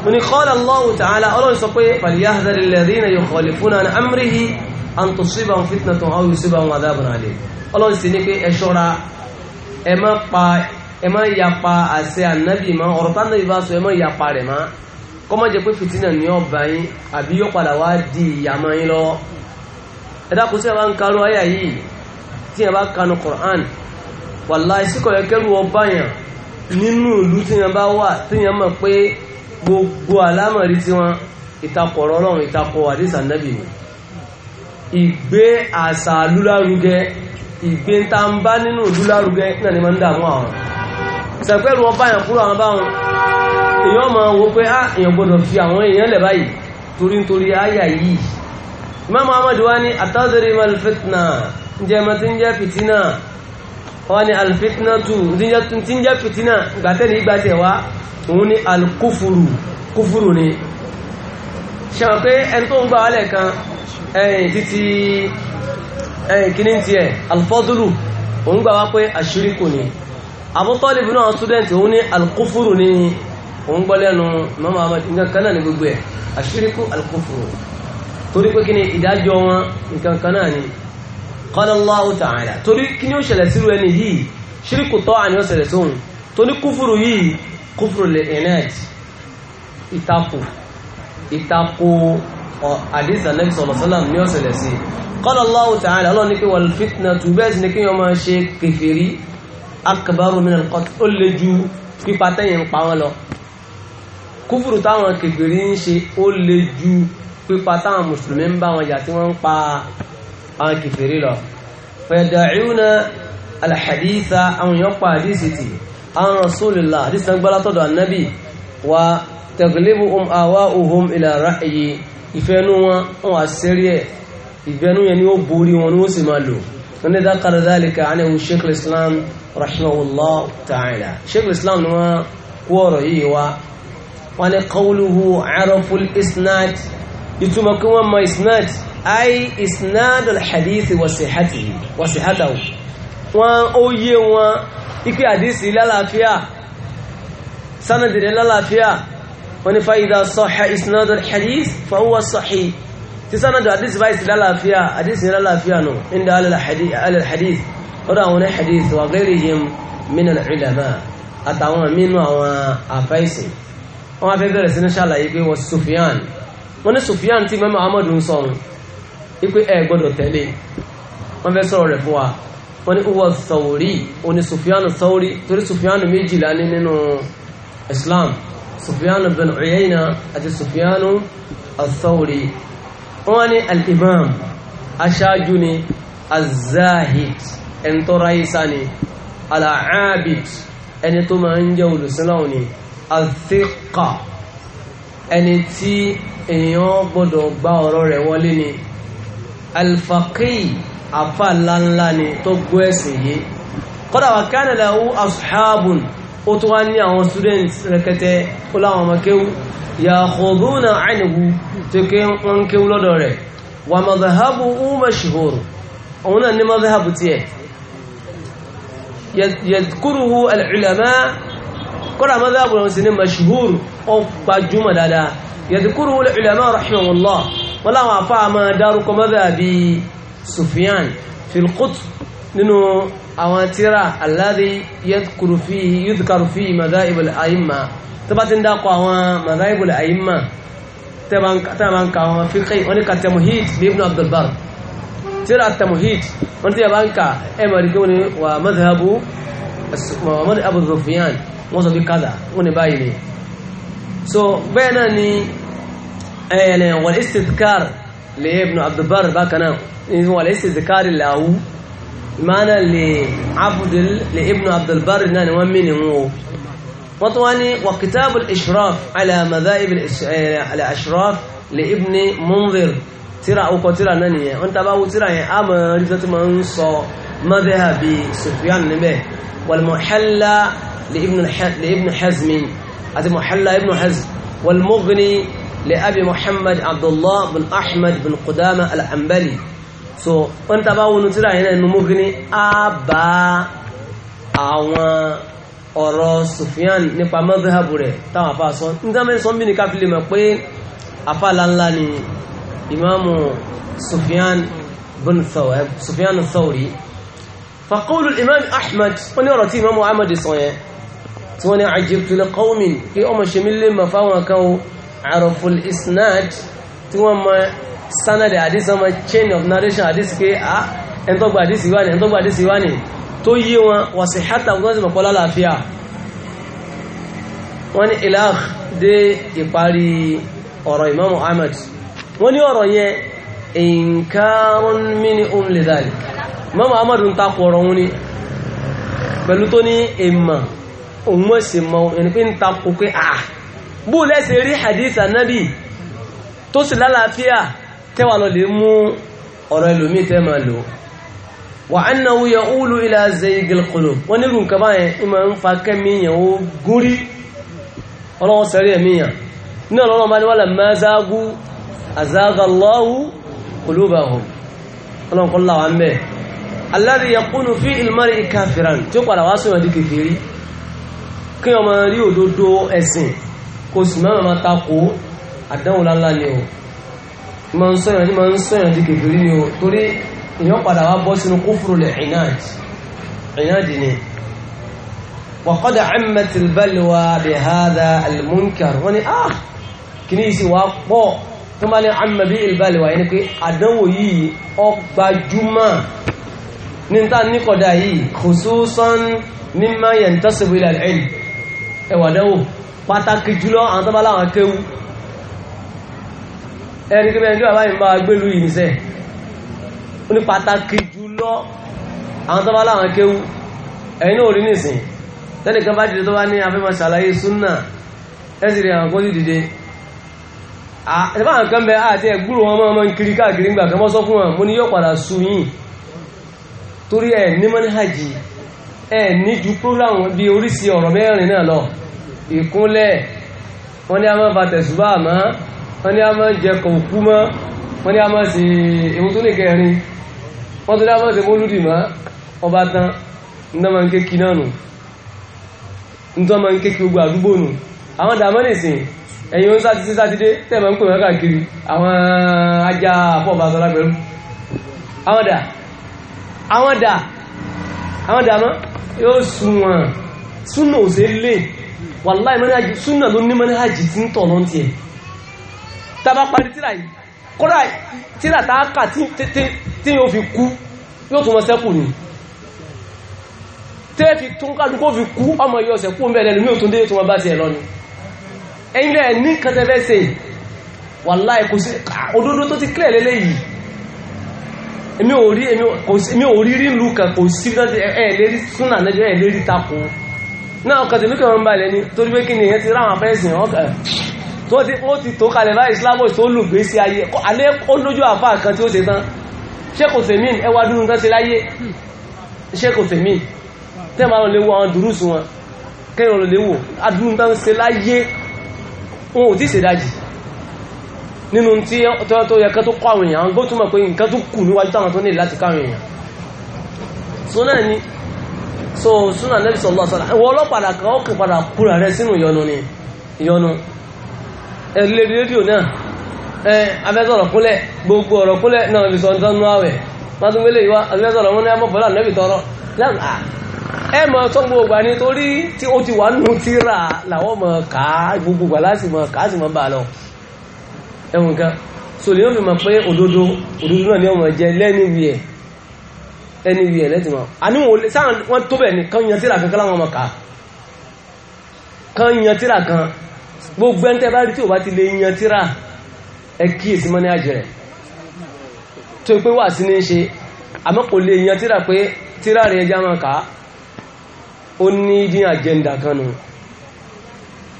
wọn ni qala Allahu ta'ala ọlọ́run sọ pé falyahdhari alladhina ẹ má yapa àṣẹ ànábì mọ́ ọ̀rọ̀ tánábì bá sọ ẹ má yapa rẹ̀ mọ́ kọ́mọ́ jẹ́ pé fìtínà ní ọba yín àbí yóò padà wá di ìyàmọ́ yín lọ́wọ́ ẹ dákun sí ẹ bá ń kanú ayà yìí tí ẹ bá kanú Qur'an wàláì síkọ̀ yẹ kẹ́rù ọba yàn nínú ìlú tí yẹn bá wà tí yẹn mọ̀ pé gbogbo àlámọ̀rí tí wọ́n ìtakọ̀ ọ̀rọ̀ ọlọ́run ìtakọ̀ àdìsá nẹ́bì ni ìgbé àṣà lúlárugẹ ìgbé ń nínú lúlárugẹ náà ni máa ń dààmú àwọn sẹ̀pẹ́rù ọba yàn kúrò àwọn báwọn èyàn ma wo pé á ah, èyàn gbọdọ̀ fi àwọn èyàn lẹ̀ báyìí torí nítorí àyà yìí Imam Ahmad wá ní àtàzẹ̀rẹ̀ ìmọ̀ alfitna ǹjẹ́ ẹmọ tí ń jẹ́ fìtínà wá ní alfitna tù tí ń jẹ́ fìtínà gbàtẹ́ ní ìgbàtẹ̀ wá òun ní alkúfùrù kúfùrù ni ṣàwọn pé ẹni tó ń gbà wálẹ̀ kan ẹ̀yìn títí ẹ̀yìn kíní tiẹ̀ alfọ́dúlù òun gbà wá pé àṣírí kò ní abútọ́lìbù náà student òun ní alkúfúrù ní òun gbọ́lẹ́nu mọ́mọ́ ahmed nǹkan kan náà ní gbogbo ẹ̀ àṣíríkú alkúfúrù torí pé kí ni ìdájọ́ wọn nǹkan kan náà ni qala Allahu ta'ala torí kí ni ó ṣẹlẹ̀ sírú ẹni yìí ṣíríkù tọ́ àní ó sóhun tó ní kúfúrù yìí kúfúrù lè ẹ̀nẹ́t ìtakò ìtakò àdìsà Nabi sallallahu alaihi wasallam ní ó ṣẹlẹ̀ sí qala Allahu ta'ala ọlọ́ni akbaru min al-qatl ó lè ju pípa tẹ́yìn ń pa wọn lọ kúfùrù táwọn kègbèrí ń ṣe ó lè ju pípa táwọn mùsùlùmí ń bá wọn jà tí wọ́n ń pa àwọn kèfèrí lọ fayada'una al-haditha àwọn èèyàn pa àdísì tì àwọn rasulillah àdísì náà gbọ́lá tọ̀dọ̀ ànábì wa taglibuhum awa'uhum ila ra'yi ìfẹ́nu wọn wọn àṣírí ẹ̀ ìfẹ́nu yẹn ni ó borí wọn ni ó sì máa lò wọn ni dákàrà dhalika anhu Sheikh islam rahimahullah ta'ala sheikh islam ni wọ́n kú ọ̀rọ̀ yìí wá wọ́n ní qawluhu araful isnad ìtumọ̀ kí wọ́n mọ isnad ay isnad alhadith wasihatahu wọ́n ó yé wọn ipe àdísì lálàáfíà sanadire lálàáfíà wọ́n ní fa'idha sahha isnad alhadith fa huwa sahih tí sanadu àdísì báyìí sí lálàáfíà àdísì lálàáfíà nù inda alal hadith lọ́dọ̀ àwọn oní hadith wa ghayrihim min al-ulama àtàwọn mínú àwọn àfẹ́sìn wọ́n wá fẹ́ bẹ̀rẹ̀ sí ní ṣàlàyé pé wọ́n Sufyan wọ́n ní Sufyan tí mẹ́mọ́ Ahmadu ń sọ̀rọ̀ wípé ẹ gbọ́dọ̀ tẹ̀lé wọ́n fẹ́ sọ̀rọ̀ rẹ̀ fún wa wọ́n ní uwa Thawri oní Sufyan Thawri torí Sufyan méjìlá ní nínú Islam Sufyan bin Uyayna àti Sufyan Thawri wọ́n ní al aṣáájú ni az-Zahid ẹni tó ráyé sá ni al-aabid ẹni tó máa ń jẹ́ olùsínáwò ni al-thiqa ẹni tí èèyàn gbọ́dọ̀ gba ọ̀rọ̀ rẹ̀ wọlé ni al-faqi afa ńláńlá ni tó gbọ́ ẹ̀sìn yìí kódà wà kana lahu ashabun ó tó wá ní àwọn students rẹ̀kẹtẹ ó láwọn ọmọ kéwú yàkùnrúnà àìníwú tó ké wọ́n kéwú lọ́dọ̀ rẹ̀ wà madhabu mashhur òun náà ní madhabu tiẹ̀ yẹ̀kúrùhù alìlẹ̀má kọ́lá mọ́dá àbúrò sí ní mashhur ó gbajúmọ̀ dáadáa yẹ̀kúrùhù alìlẹ̀má rahimahullah wọ́n láwọn afá máa dárúkọ mọ́dá bí Sufyan filkut nínú àwọn tíra alladhi yẹ́kúrù fi yudhkaru fi mọ́dá ibùl àyíma tó bá ti ń dákọ̀ àwọn mọ́dá ibùl àyíma tẹ́ bá ń ka àwọn fíkì wọ́n ní ka tẹ̀mù hit bí ibn Abdul Barr tíra tamuhid wọ́n tí a bá ń ka ẹmọ̀rí eh, kí wọ́n ni wà madhabu Muhammad Abu Sufyan wọ́n sọ bí kádà wọ́n ni báyìí ni so bẹ́ẹ̀ náà ni ẹ̀yẹ̀lẹ̀ eh, wal istidkar lè ibn abdulbar bákanáà ní wal istidkar làwú ìmáná lè abdul lè ibn abdulbar náà ni wọ́n mí ni wọ́n o wọ́n tó ishraf ala madhaib al eh, ashraf lè ibn Mundhir tíra ọkọ̀ tíra náà nìyẹn wọ́n tàbá wo tíra yẹn a mọ̀ rí tó ti máa ń sọ madhhabi Sufyan níbẹ̀ wal muhalla li ibn hazmin àti muhalla ibn hazm wal mughni li abi muhammad abdullah bin ahmed bin qudama al so wọ́n tàbá wo tíra yẹn nínú mughni a bá àwọn ọ̀rọ̀ Sufyan nípa madhhabu rẹ̀ táwọn afá sọ ní táwọn afá sọ ń bí ní káfílì mọ̀ pé afá láńlá ni إمام سفيان بن ثور سفيان الثوري فقول الإمام أحمد ونرى إمام أحمد صحيح توني عجبت لقوم في أم شمل ما فاوكوا عرفوا الإسناد توما سند حديث ما chain of narration حديث كي أه ẹn tó gba àdísì wá ní ẹn tó gba àdísì wá ní tó yé wọn wà sí hátà wọ́n sì mọ̀pọ̀ wọ́n ní ọ̀rọ̀ yẹn inkarun minhum li dhalik mọ́mù amadu ń takò ọ̀rọ̀ wọn ni pẹ̀lú tó ní èèmà òun mọ̀ sí mọ́ ẹni pé ń takò pé à bú lẹ́sẹ̀ tẹ́ máa lò wà annahu ya'ulu ila zaygil qulub wọ́n nílùú nǹkan báyẹn ìmọ̀ ń fa kẹ́míyàn ó gúrí ọlọ́wọ́ sẹ́rí ẹ̀míyàn ní ọlọ́run bá ní wàlẹ̀ mẹ́zágú azagallahu qulubahum ọlọ́run kọ́ láwa ń bẹ̀ alladhi yakunu fi ilmari kafiran tí ó padà wá sọ̀rọ̀ di kékeré kí ọmọ rí òdodo ẹ̀sìn kò sì máa máa takò àdánwò lánlá ni o ma ń sọ̀rọ̀ ní ma ń sọ̀rọ̀ di kékeré ni o torí èèyàn padà wá bọ́ sínú kufru lẹ̀ ìnáàdì ìnáàdì ni وقد عمت البلوى بهذا المنكر وني اه كنيسي واقبو tó bá ní àmàbí ìbálẹ̀wà yìí ni pé àdánwò yìí ọgbàjúmọ̀ ní ta níkọ̀dá yìí khususan mimma yantasibu ila al-ilm ẹwà àdánwò pàtàkì jùlọ àwọn tó bá láwọn kéwú ẹni kí bẹ́ẹ̀ ní bàbá yìí máa gbélú yìí níṣẹ́ ó ní pàtàkì jùlọ àwọn tó bá láwọn kéwú ẹ̀yin náà rí nìsín lẹ́nìkan bá dìde àtẹ́bá ah, nǹkan bẹ àti ah, ẹ̀gbúrò wọn máa ń kiri káàkiri ńgbà kan mọ́ sọ fún wọn mo ní yóò padà sun yìí torí ẹ̀ ní mọ́níhàjì ẹ̀ ní ju prógrámù bí oríṣi ọ̀rọ̀ mẹ́rin náà lọ ìkúnlẹ̀ wọ́n ní a máa fa tẹ̀sùbá ma wọ́n ní a máa jẹ kọ̀ọ̀kú mọ́ wọ́n ní a máa sì ewu tó lè kẹrin wọ́n a ẹ̀yin ó ń sátidé sátidé tẹ́ẹ̀mọ̀ ń pè wọ́n káàkiri àwọn ajá àfọ́ọ̀bá sọ lágbẹ̀rú àwọn dà àwọn dà àwọn dà mọ́ yóò sunwọ̀n súnà ò sí lè wàláì mọ́nájì súnà ló ní mọ́nájì tí ń tọ̀nà tiẹ̀ tá a bá parí tíra yìí kódà tíra tá a kà tí yóò fi kú yóò tún mọ́ sẹ́kù ni tẹ́ẹ̀fì tún kálukó fi kú ọmọ yóò sẹ́kù mẹ́rẹ̀ lómi ò tún dé tó wọn bá ti ẹ̀ lọ́nu ẹ̀yìn rẹ̀ ní kẹtẹ̀fẹ́ sí wàláì kò sí òdodo tó ti kílẹ̀ lélẹ́ yìí èmi ò rí rí ìlú kan kò sí ẹ̀ẹ́lérí súnà lẹ́jọ́ ẹ̀ẹ́lérí tako náà ọkàn tèmi kẹwọn balẹ̀ ni torí pé kí ni èyàn ti ráwọn afẹ́sìn ọkàn tó ti ó ti tó kalẹ̀ báyìí Islam tó lùgbé sí ayé alẹ́ ó lójú àfá kan tí ó ṣe lọ léwu àwọn dùrúsù wọn kẹ́yìn lọ léwu adúrú tán ṣe láyé wọn ò tí ìsèdájì nínú tí tó yẹ kẹ́ tó kọ́ àwọn èèyàn àwọn gbọ́n pé nǹkan tó kù níwájú táwọn tó ní láti káwọn èèyàn so náà ni so súnà nẹ́bí sọ̀lọ́ sọ̀lá ẹ̀wọ̀ ọlọ́pàá kan ó kàn padà kúrò rẹ sínú ìyọnu ni ìyọnu ẹ̀ rédíò náà abẹ́sọ̀rọ̀ gbogbo ọ̀rọ̀ na náà ibi àwẹ̀ ìwá abẹ́sọ̀rọ̀ wọn ní tọrọ ah, ẹ mọ̀ tó gbogbo ògbà ni torí tí ó ti wà nù tíra làwọn mọ̀ ká gbogbo ògbà láti mọ̀ ká sì mọ̀ bà lọ ẹ̀wọ̀n kan sòlè yóò fi mọ̀ pé òdodo òdodo náà ni ọmọ jẹ lẹ́nìwì ẹ̀ lẹ́nìwì ẹ̀ lẹ́tìmọ̀ àníwò sáà wọ́n tó bẹ̀ ní kan yan tíra kan láwọn ọmọ ká kan yan tíra kan gbogbo ẹni tẹ́ bá rí tí ò bá ti lè yan tíra ẹ kíyèsí mọ́ ní àjẹrẹ̀ tó pé wà sí ní ṣe àmọ́ kò lè yan tíra pé tíra rẹ̀ ẹja máa kàá ó ní ní àjẹ́ndà kan nù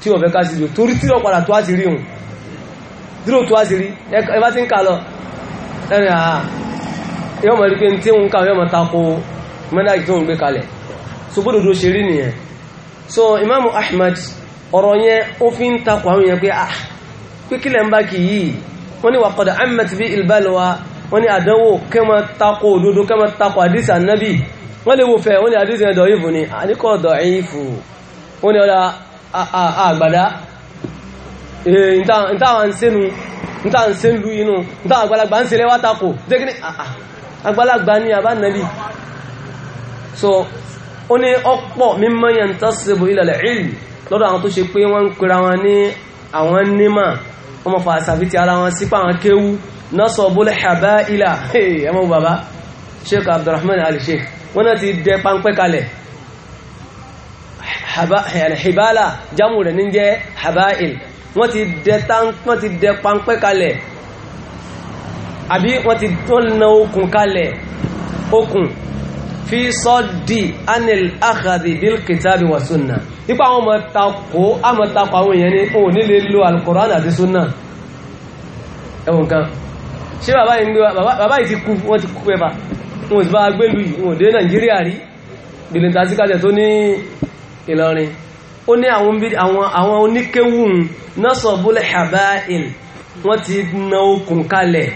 tí wọ́n fẹ́ ká sí jù torí tí wọ́n padà tó á ti rí òun dúró tó á ti rí ẹ bá ti ń kà lọ ẹ̀rìn àá yọ́mọ̀ rí pé tí òun kàwé ọmọ tako mẹ́nàjì tó ń gbé kalẹ̀ so bódòdó ṣe rí nìyẹn so Imamu Ahmad ọ̀rọ̀ yẹn ó fi ń takò àwọn yẹn pé ah pé kílẹ̀ ń bá kì yìí wọ́n ní wàkọ̀dà ahmed bíi ilbalwa wọ́n ní àdánwò kẹ́mọ́ tako òdodo kẹ́mọ́ tako àdìsí ànábì wọ́n lè mú fẹ́ wọ́n ni àdíjì ẹ̀dọ̀ ìfù ni a ní kọ́ ọ̀dọ̀ ìfù wọ́n ni ọ̀dá àgbàdá ìtàwọn sínú ìtàwọn sínú inú ìtàwọn àgbàlagbà ń ṣe lẹ́wà tako so ó ní ọ̀pọ̀ mímọ́ yẹn tásìbò ilẹ̀ ìlú lọ́dọ̀ àwọn tó ṣe pé wọ́n ń pera wọn ní àwọn nímà wọ́n mọ̀ fà sàfitì ara wọn sípa àwọn Abdulrahman Ali wọ́n náà ti dẹ pańpẹ́ kalẹ̀ hibala jamu rẹ̀ ní jẹ́ habail wọ́n ti dẹ wọ́n ti dẹ pańpẹ́ kalẹ̀ àbí wọ́n ti tó na okùn kalẹ̀ okùn fi sọ́dì anil akhadi bil kitabi wa sunna nípa àwọn ọmọ takò àmọ́ takò àwọn èèyàn ní òun nílé lo alukoran àti sunna ẹ̀wọ̀n kan ṣé bàbá yìí ti kú wọ́n ti kú ẹ̀bà wọn sì bá gbélú yìí wọn dé nàìjíríà rí bìlìntà sí kájẹ tó ní ìlọrin ó ní àwọn oníkéwùn nọ́sọ̀ bólẹ̀ habail wọ́n ti na okùn kalẹ̀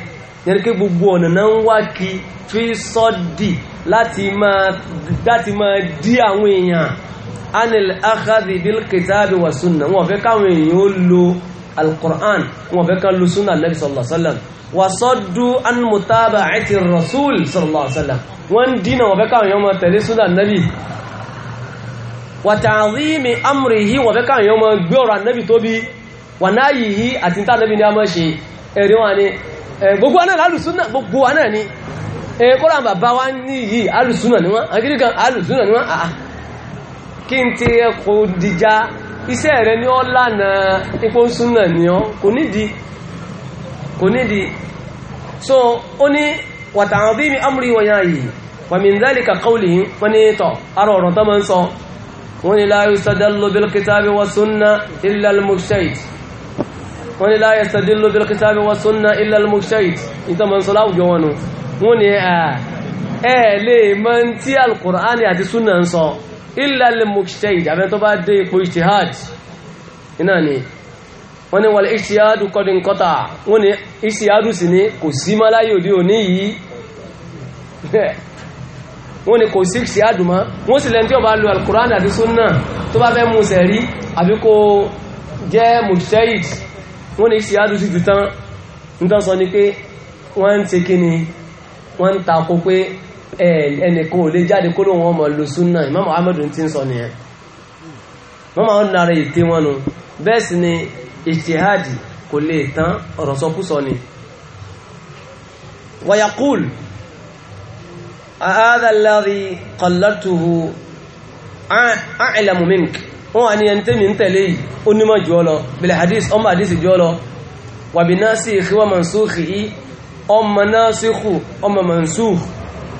yẹni pé gbogbo ọ̀nà náà ń wá kí fi sọ́dì láti máa dí àwọn èèyàn anil akhadi bil kitabi wa sunna fẹ́ káwọn èèyàn ó lo alkùrán wọn fẹ́ kan lu súnà nabi sallallahu alaihi wasallam wà sọ́dú an mutaba àti rasul sallallahu alaihi wasallam wọ́n dínà wọ́n fẹ́ káwọn yọ ma tẹ̀lé súnà nabi wà ta'zimi amrihi wọ́n fẹ́ káwọn yọ ma gbé ọ̀rọ̀ nabi tóbi wà nayihi àti tá nabi ní a mọ́ ṣe ẹ̀rí wọn ni gbogbo anáà lálùsúnà gbogbo anáà ni kọ́lá bàbá wa ní yìí alùsúnà ni ni wọ́n iṣẹ́ rẹ ní ọ́ lànà ipò súnà ní ọ́ kò nídìí kò nídìí so ó ní wàtàwọn bí mi amúrí wọn yá yìí wàmí ìdálì kàkọ́ọ̀lì wọn ní tọ̀ ara ọ̀rọ̀ tó máa ń sọ wọn ni láyé sọdẹ́lú bí kìtàbí súnà ilẹ̀ mùsẹ̀t ni láyé sọdẹ́lú illa al-mujtahid àbẹ́ tó bá dé ipò ijtihad iná ni wọ́n ni wal ijtihadu qad inqata wọ́n ni ijtihadu sì ni kò sí má láyé òde òní yìí wọ́n ni kò sí ijtihadu mọ́ wọ́n sì lẹ́ni tí ó bá al-Qur'an àti sunna tó bá fẹ́ mú sẹ̀rí àbí kó jẹ́ mujtahid wọ́n ni ijtihadu sì ti tán nítorí sọ ni pé ẹnìkan ò lè jáde kó lóun ọmọ lo súnà Imam Ahmad ti ń sọ nìyẹn mọ́mọ́ ọ̀n nara ète wọn nu bẹ́ẹ̀ sì ni ìtìhádì kò lè tán ọ̀rọ̀ sọkúsọ ni wayakul aadalari kọlọ́tuhu àìlẹ̀mù mink wà ní ẹni tẹ́mi ń tẹ̀lé yìí ó nímọ̀ jù ọ lọ bẹ̀lẹ̀ hadith ọmọ hadith jù ọ lọ wàbí náà sí mọ̀nsúkì yìí ọmọ náà ọmọ mọ̀nsúkì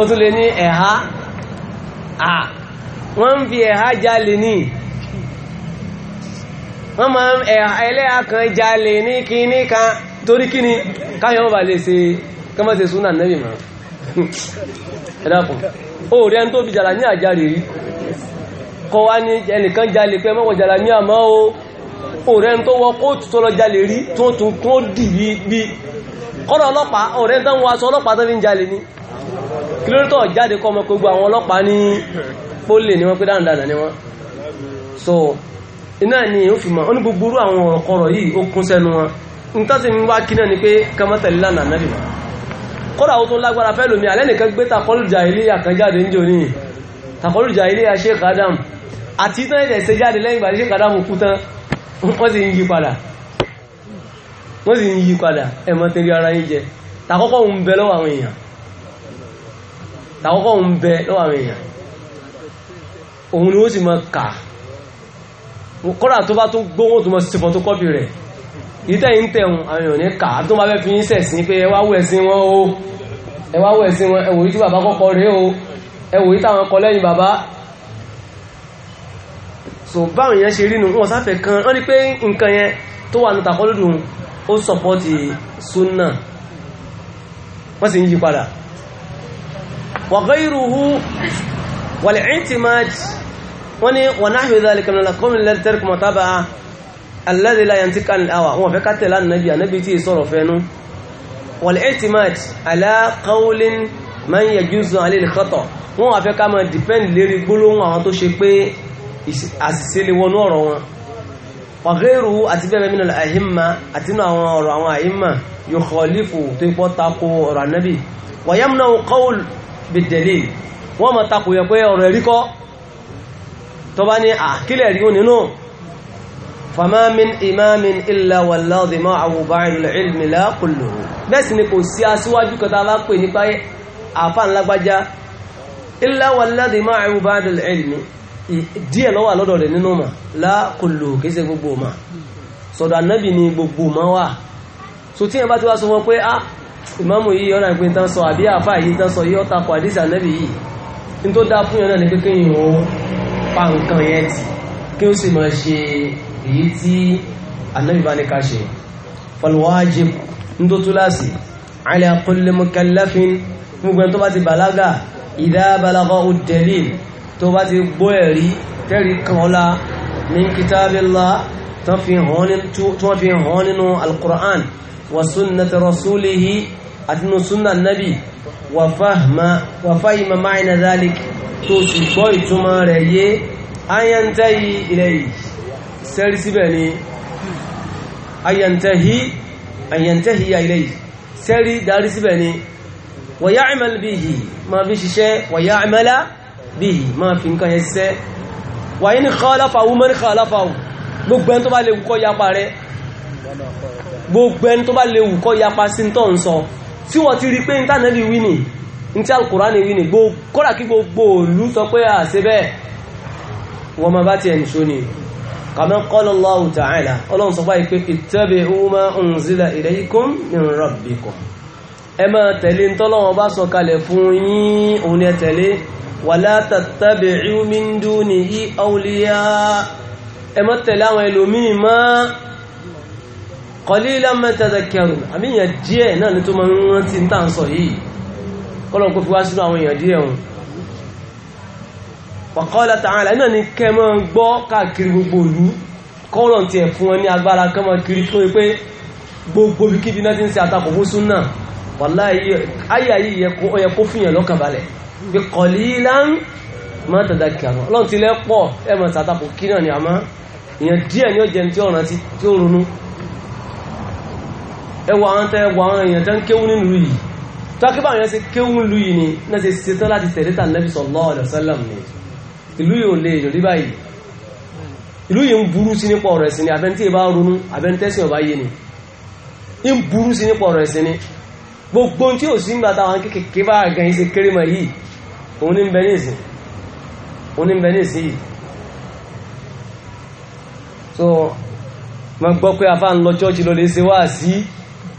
ó tún lè ní ẹ̀há fi ẹ̀há jalè ní máa ń ẹlẹ́yà kan jalè ní kíní kan torí kíní káyọ̀ bà lè ṣe súnà mọ́ ẹ̀dàkùn ó rí ẹni tó fi jàlá ní kọ́ wá ní ẹnìkan jalè o tó wọ kóòtù tó lọ jalè rí tó tún dì bí kọ́nà ọlọ́pàá tó ń wọ aṣọ ọlọ́pàá tó fi ń jalè kí ló tọ́ jáde kọ́ ọmọ pé gbogbo àwọn ọlọ́pàá ní pólè ni wọ́n pé dáadáa ni wọ́n so iná ni ó fi mọ̀ ó ní gbogbo orú àwọn ọ̀rọ̀ yìí ó kún sẹ́nu wọn nǹkan sì ń wá kí náà ni pé kọ́mọ́tẹ̀lẹ́ lánàá náà kọ́dà ó tún lágbára fẹ́ lómi alẹ́ nìkan gbé takọ́lùjà ilé àkànjáde ń jò takọ́lùjà ilé Sheikh Adam àti tán ẹ̀dẹ̀ ṣe jáde lẹ́yìn ìgbà Sheikh Adam kú tán wọ́n sì ń yí padà wọ́n sì ń yí padà jẹ tàkọ́kọ́ ń bẹ lọ́wọ́ àwọn èèyàn òun ni ó sì máa kà kọ́dà tó bá tó gbóhùn tó máa sèpọ̀ tó kọ́pì rẹ̀ ìtẹ́ yìí ń tẹ̀hún àwọn èèyàn ní kà tó máa fẹ́ fi yín sẹ̀sìn pé ẹ wá wọn o ẹ wá wẹ̀ sí wọn ẹ wòye bàbá kọ́kọ́ rèé o ẹ wòye táwọn kọ lẹ́yìn bàbá so báwọn yẹn ṣe rí nu wọn sáfẹ́ kan wọ́n ní pé nǹkan yẹn tó wà níta kọ́ lódùn ó sọ̀pọ̀ ti súnà wọ́n sì ń yí padà wa ghayruhu wal i'timad wọ́n ní wa nahwi dhalika min al-qawli alladhi taraka mutaba'a alladhi la yantiqu anil hawa wọ́n fẹ́ ká tẹ̀lé ànábì ànábì tí sọ̀rọ̀ fẹ́nu wal i'timad ala qawlin man yajuzu alayhi al-khata' wọ́n wà fẹ́ ká máa depend lérí gbólóhùn àwọn tó ṣe pé àṣìṣe lè wọnú ọ̀rọ̀ wọn wàgẹ́rù àti bẹ́ẹ̀ mínú àhímà àti inú àwọn ọ̀rọ̀ àwọn àhímà yóò kọ̀ọ̀lífù tó ipọ́ tako ọ̀rọ̀ ànábì wàyẹ́mùnáwó kọ́wùl bìdẹ̀lì wọ́n mọ̀ takò yẹ pé ọ̀rọ̀ ẹ̀rí kọ́ tó bá ní àkílẹ̀ rí nínú famamin imamin illa wàláàdì máa àwòbá ilmi la kulluhu bẹ́ẹ̀ sì ni kò sí aṣíwájú kọta bá pè nípa àfà ńlágbájá illa wàláàdì máa àwòbá ilmi díẹ̀ ló wà lọ́dọ̀ rẹ̀ nínú mà la ìmáàmù yìí ọ̀nà ìpín tán sọ àbí àfà yìí tán sọ yìí ọ̀ta kò àdìsí ànábì yìí ní tó dá fún yẹn náà ni pé kéèyàn ó pa nǹkan yẹn tì kí ó sì máa ṣe èyí tí ànábì bá ní ká ṣe falwajib ní tó túláàsì ala kulli gbogbo ẹni tó bá ti bàlágà idha balagha ad-dalil tó bá ti gbọ́ ẹ̀rí tẹ́rí kan ọlá min kitabillah tó fi hàn nínú al-Qur'an وسنة رسوله أتنو سنة النبي وفهم وفهم معنى ذلك تسبوي تماري أن ينتهي إليه سيرسي بني أن ينتهي أن ينتهي إليه سيري دارسي بني ويعمل به ما فيش شيء ويعمل به ما في نكان يسي وإن خالفه من خالفه gbogbo ẹni tó bá lè kọ́ yapa rẹ̀ gbogbo ẹni tó bá lè wù kọ́ yapa sí tó ń sọ tí wọ́n ti rí pé ní tánàbí wí nì ní tí wí gbogbo òlu sọ pé àṣẹ bẹ́ẹ̀ wọ́n máa bá tiẹ̀ nìṣó ni kàmẹ́ kọ́lọ̀ lọ́wọ́ tààlà ọlọ́run sọ báyìí pé ìtẹ́bẹ̀ ọmọ unzila ilaykum min rabbikum ẹ máa tẹ̀lé ntọ́lọ́wọ́n bá sọ kalẹ̀ fún yín òun ẹ tẹ̀lé qalilan ma tadhakkarun àbí èèyàn díẹ̀ náà ní tó máa ń rántí ń tàn sọ yìí kọ́lọ̀ kó fi wá sínú àwọn èèyàn díẹ̀ wọn wa qala ta'ala náà ní kẹ́ mọ́ ń gbọ́ káàkiri gbogbo ìlú kọ́lọ̀ ti ẹ̀ fún wọn ní agbára kọ́ mọ́ kiri tó pé gbogbo bí kíbi náà ti ń ṣe àtakò fún súnà wallahi ayà yìí yẹ kó fìyàn lọ́kàn balẹ̀ bí qalilan ma tadhakkarun ni àmọ́ èèyàn díẹ̀ ni ó jẹun tí ó ẹwà àwọn tẹ́ ẹwà àwọn èèyàn tẹ́ ń kéwú nínú yìí tó àwọn èèyàn kéwú nínú ni náà ṣe ṣetán láti tẹ̀lé tà Nabi sallallahu alaihi wasallam ni ìlú yìí ò lè rí báyìí ìlú yìí ń burú sí nípa ọ̀rọ̀ ẹ̀sìn ni abẹ́ntí ìbá ronú abẹ́ntẹ́sìn ọ̀bá yé ni ń burú sí nípa ọ̀rọ̀ ẹ̀sìn ni gbogbo tí ò sí ń bàtà àwọn kékèké bá gan ṣe kéré mọ̀ yìí òun ní ń bẹ ní ìsìn òun ní ń bẹ ní ìsìn yìí so mo gbọ́ pé afá ń lọ chọ́ọ̀chì lọ lè ṣe wá sí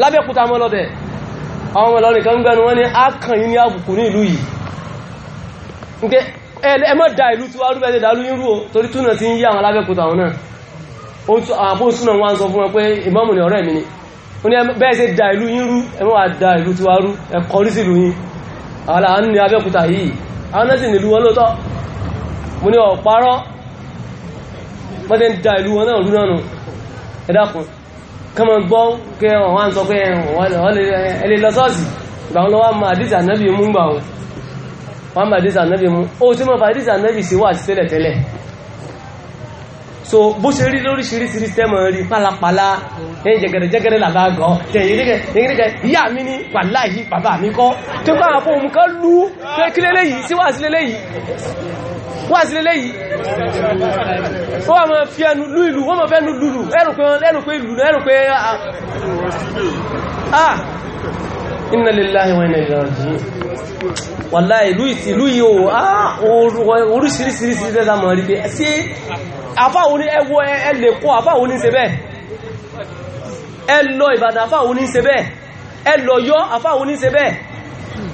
lábẹ́kúta mọ́ lọ́bẹ̀ àwọn ọmọ ìlọrin kan gbẹnu wọ́n ní ákànyí ní àbùkù ní ìlú yìí nke ẹ mọ́ da ìlú tí wá rúbẹ̀ dàlú yín rú o torí túnà ti ń yí àwọn lábẹ́kúta wọn náà àbó súnà wọn sọ fún wọn pé ìmáàmù ni ọ̀rẹ́ mi ni ó ní bẹ́ẹ̀ ṣe da ìlú yín rú ẹ mọ́ wà da ìlú tí wá rú ẹ kọrí sí ìlú yín àwọn àwọn ní abẹ́kúta yìí àwọn náà sì nílùú wọn lóòótọ́ mo ní ọ̀parọ́ wọ́n ti ń da ìlú kọmọ gbọ́ kí wọ́n wá ń sọ pé ẹlẹ́ lọ́sọ́ọ̀sì ìgbà wọn wá ma àdísà nẹ́bì mú gbà wá ma àdísà nẹ́bì mú ó tí mọ́ fa àdísà nẹ́bì sí wà sí tẹ́lẹ̀ tẹ́lẹ̀ so bó ṣe rí lóríṣiríṣi tẹ́mọ̀ rí pálapàla ẹ̀yìn jẹgẹrẹ jẹgẹrẹ làbá gan tẹ̀yìnrẹ́gẹ́ ìyá mi ní wàláhì bàbá mi kọ́ wà sí lélẹ́ yìí ó wà máa fi ẹnu lú ìlú wọ́n máa fẹ́ nu lùlù ẹnu pé ìlú ẹnu pé ah, ah. ah inna lillahi wa inna ilayhi raji'un wallahi ìlú ìtìlú yìí o ah oríṣiríṣiríṣi tẹ́ta mọ̀ rí pé sí àfáwọn ní ẹwọ ẹlẹ́kọ́ àfáwọn ní ṣe bẹ́ẹ̀ ẹ lọ Ìbàdàn àfáwọn ní ṣe bẹ́ẹ̀ ẹ lọ Ọ̀yọ́ àfáwọn ní ṣe bẹ́ẹ̀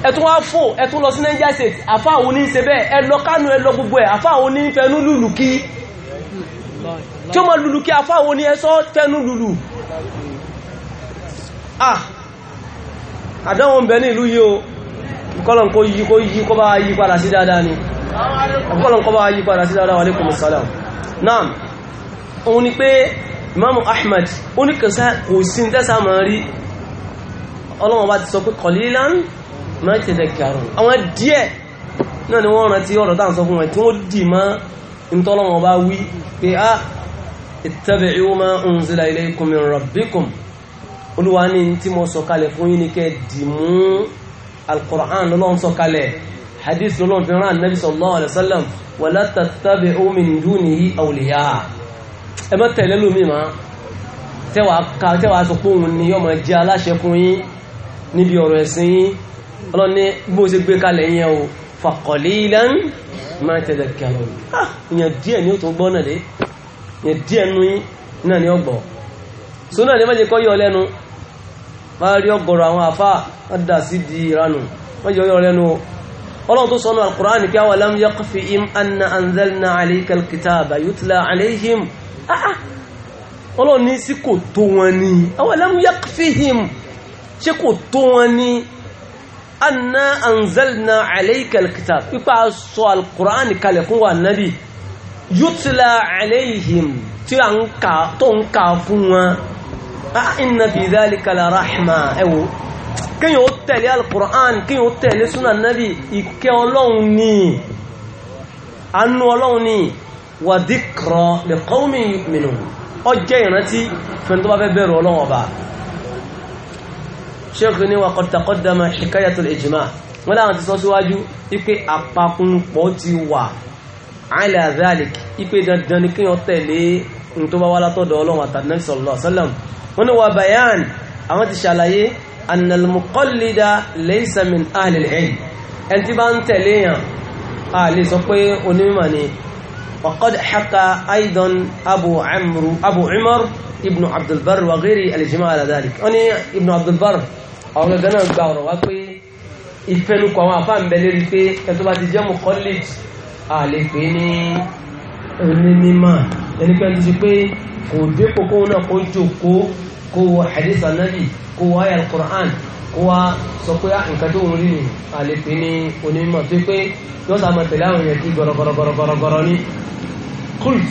ẹ̀tún wá fò ẹ̀tún lọ sí Niger State àfá àwọn ní ṣe bẹ́ẹ̀ ẹlọ kánú ẹlọ gbogbo ẹ̀ àfá àwọn ní fẹnú lùlù kí tí ó mọ lùlù kí àfá àwọn ní ẹsọ́ fẹnú lùlù ah àdánwò ń bẹ ní ìlú yìí o kọ́lọ̀n kó yí kó yí kó bá yí padà sí dáadáa ni kọ́lọ̀n kó bá yí padà sí dáadáa wàlékùn sálàm náà òun ni pé imamu ahmad ó ní kò sí tẹ́sà mọ̀ rí ọlọ́wọ́n bá ti sọ pé kọ̀lílán ma ti dẹ̀ kàrùn àwọn díẹ̀ náà ni wọ́n rántí ọ̀rọ̀ dáhùn sọ fún wọn tí wọ́n dì mọ́ ìtọ́lọ́wọ́n bá wí pé a ah, ittabi'u ma unzila ilaykum min rabbikum olúwa ní tí mo sọ kalẹ̀ fún yín ni kẹ́ dì mú al-Qur'an lọ́lọ́run sọ kalẹ̀ hadith lọ́lọ́run fi rán anabi sallallahu alayhi sọ pé òun ni yọ́ máa jẹ́ aláṣẹ fún yín níbi ọ̀rọ̀ ẹ̀sìn yín ọlọ́run ní bó ṣe gbé kalẹ̀ yẹn o faqalilan ma tadhakkarun ìyẹn díẹ̀ ni ó tún gbọ́ náà dé ìyẹn díẹ̀ nu yín náà ni ó gbọ́ so náà ni wọ́n ṣe kọ́ yọ lẹ́nu máa rí ọgọ̀rọ̀ àwọn àfá ọ̀dà sí di ìranù wọ́n yọ yọ lẹ́nu ọlọ́run tó sọ́nà al-Qur'an pé awalam yakfihim anna anzalna alayka al-kitaba yutla alayhim ọlọ́run ní sí kò tó wọn ní awalam yakfihim ṣé kò tó wọn ní anna anzalna alayka alkitab pípa sọ alkùránì kalẹ̀ fún wa nábi yutla alayhim tí a ń ka tó ń ka fún wọn a inna fi dhalika la rahma ẹwọ kíyàn ó tẹ̀lé alkùránì kíyàn ó tẹ̀lé súnà nábi ìkẹ́ ọlọ́run ni anú ọlọ́run ni wa dhikra li qawmin yu'minun ó jẹ́ ìrántí fẹ́ntọ́ bá fẹ́ bẹ̀rù ọlọ́run sheikh ni wa qad taqaddama hikayatul ijma wọ́n láwọn ti sọ síwájú ipé àpapùnpọ̀ ti wà ala dhalik ipé dandan ni kí wọ́n tẹ̀lé n tó bá wá látọ̀dọ̀ ọlọ́run àtàdínàbí sallallahu alaihi wasallam wọ́n ni wa bayan àwọn ti ṣàlàyé annal muqallida laysa min ahlil ilm ẹni tí bá ń tẹ̀lé yàn a lè àwọn ọ̀gá náà gba ọ̀rọ̀ wá pé ìfẹnukọ àwọn àfáà ń bẹ lérí pé ẹni bá ti jẹ́ mu college a lè pè ní onímọ̀ ẹni pé ẹni tó ti pé kò dé kókó náà kó jókòó kó wọ hadith anabi kó wọ ayé alukur'an kó wá sọ pé ah, nǹkan tó ń rí ni a lè pè ní onímọ̀ tó pé yóò sá máa àwọn èèyàn kí gọ̀rọ̀gọ̀rọ̀gọ̀rọ̀ ní kult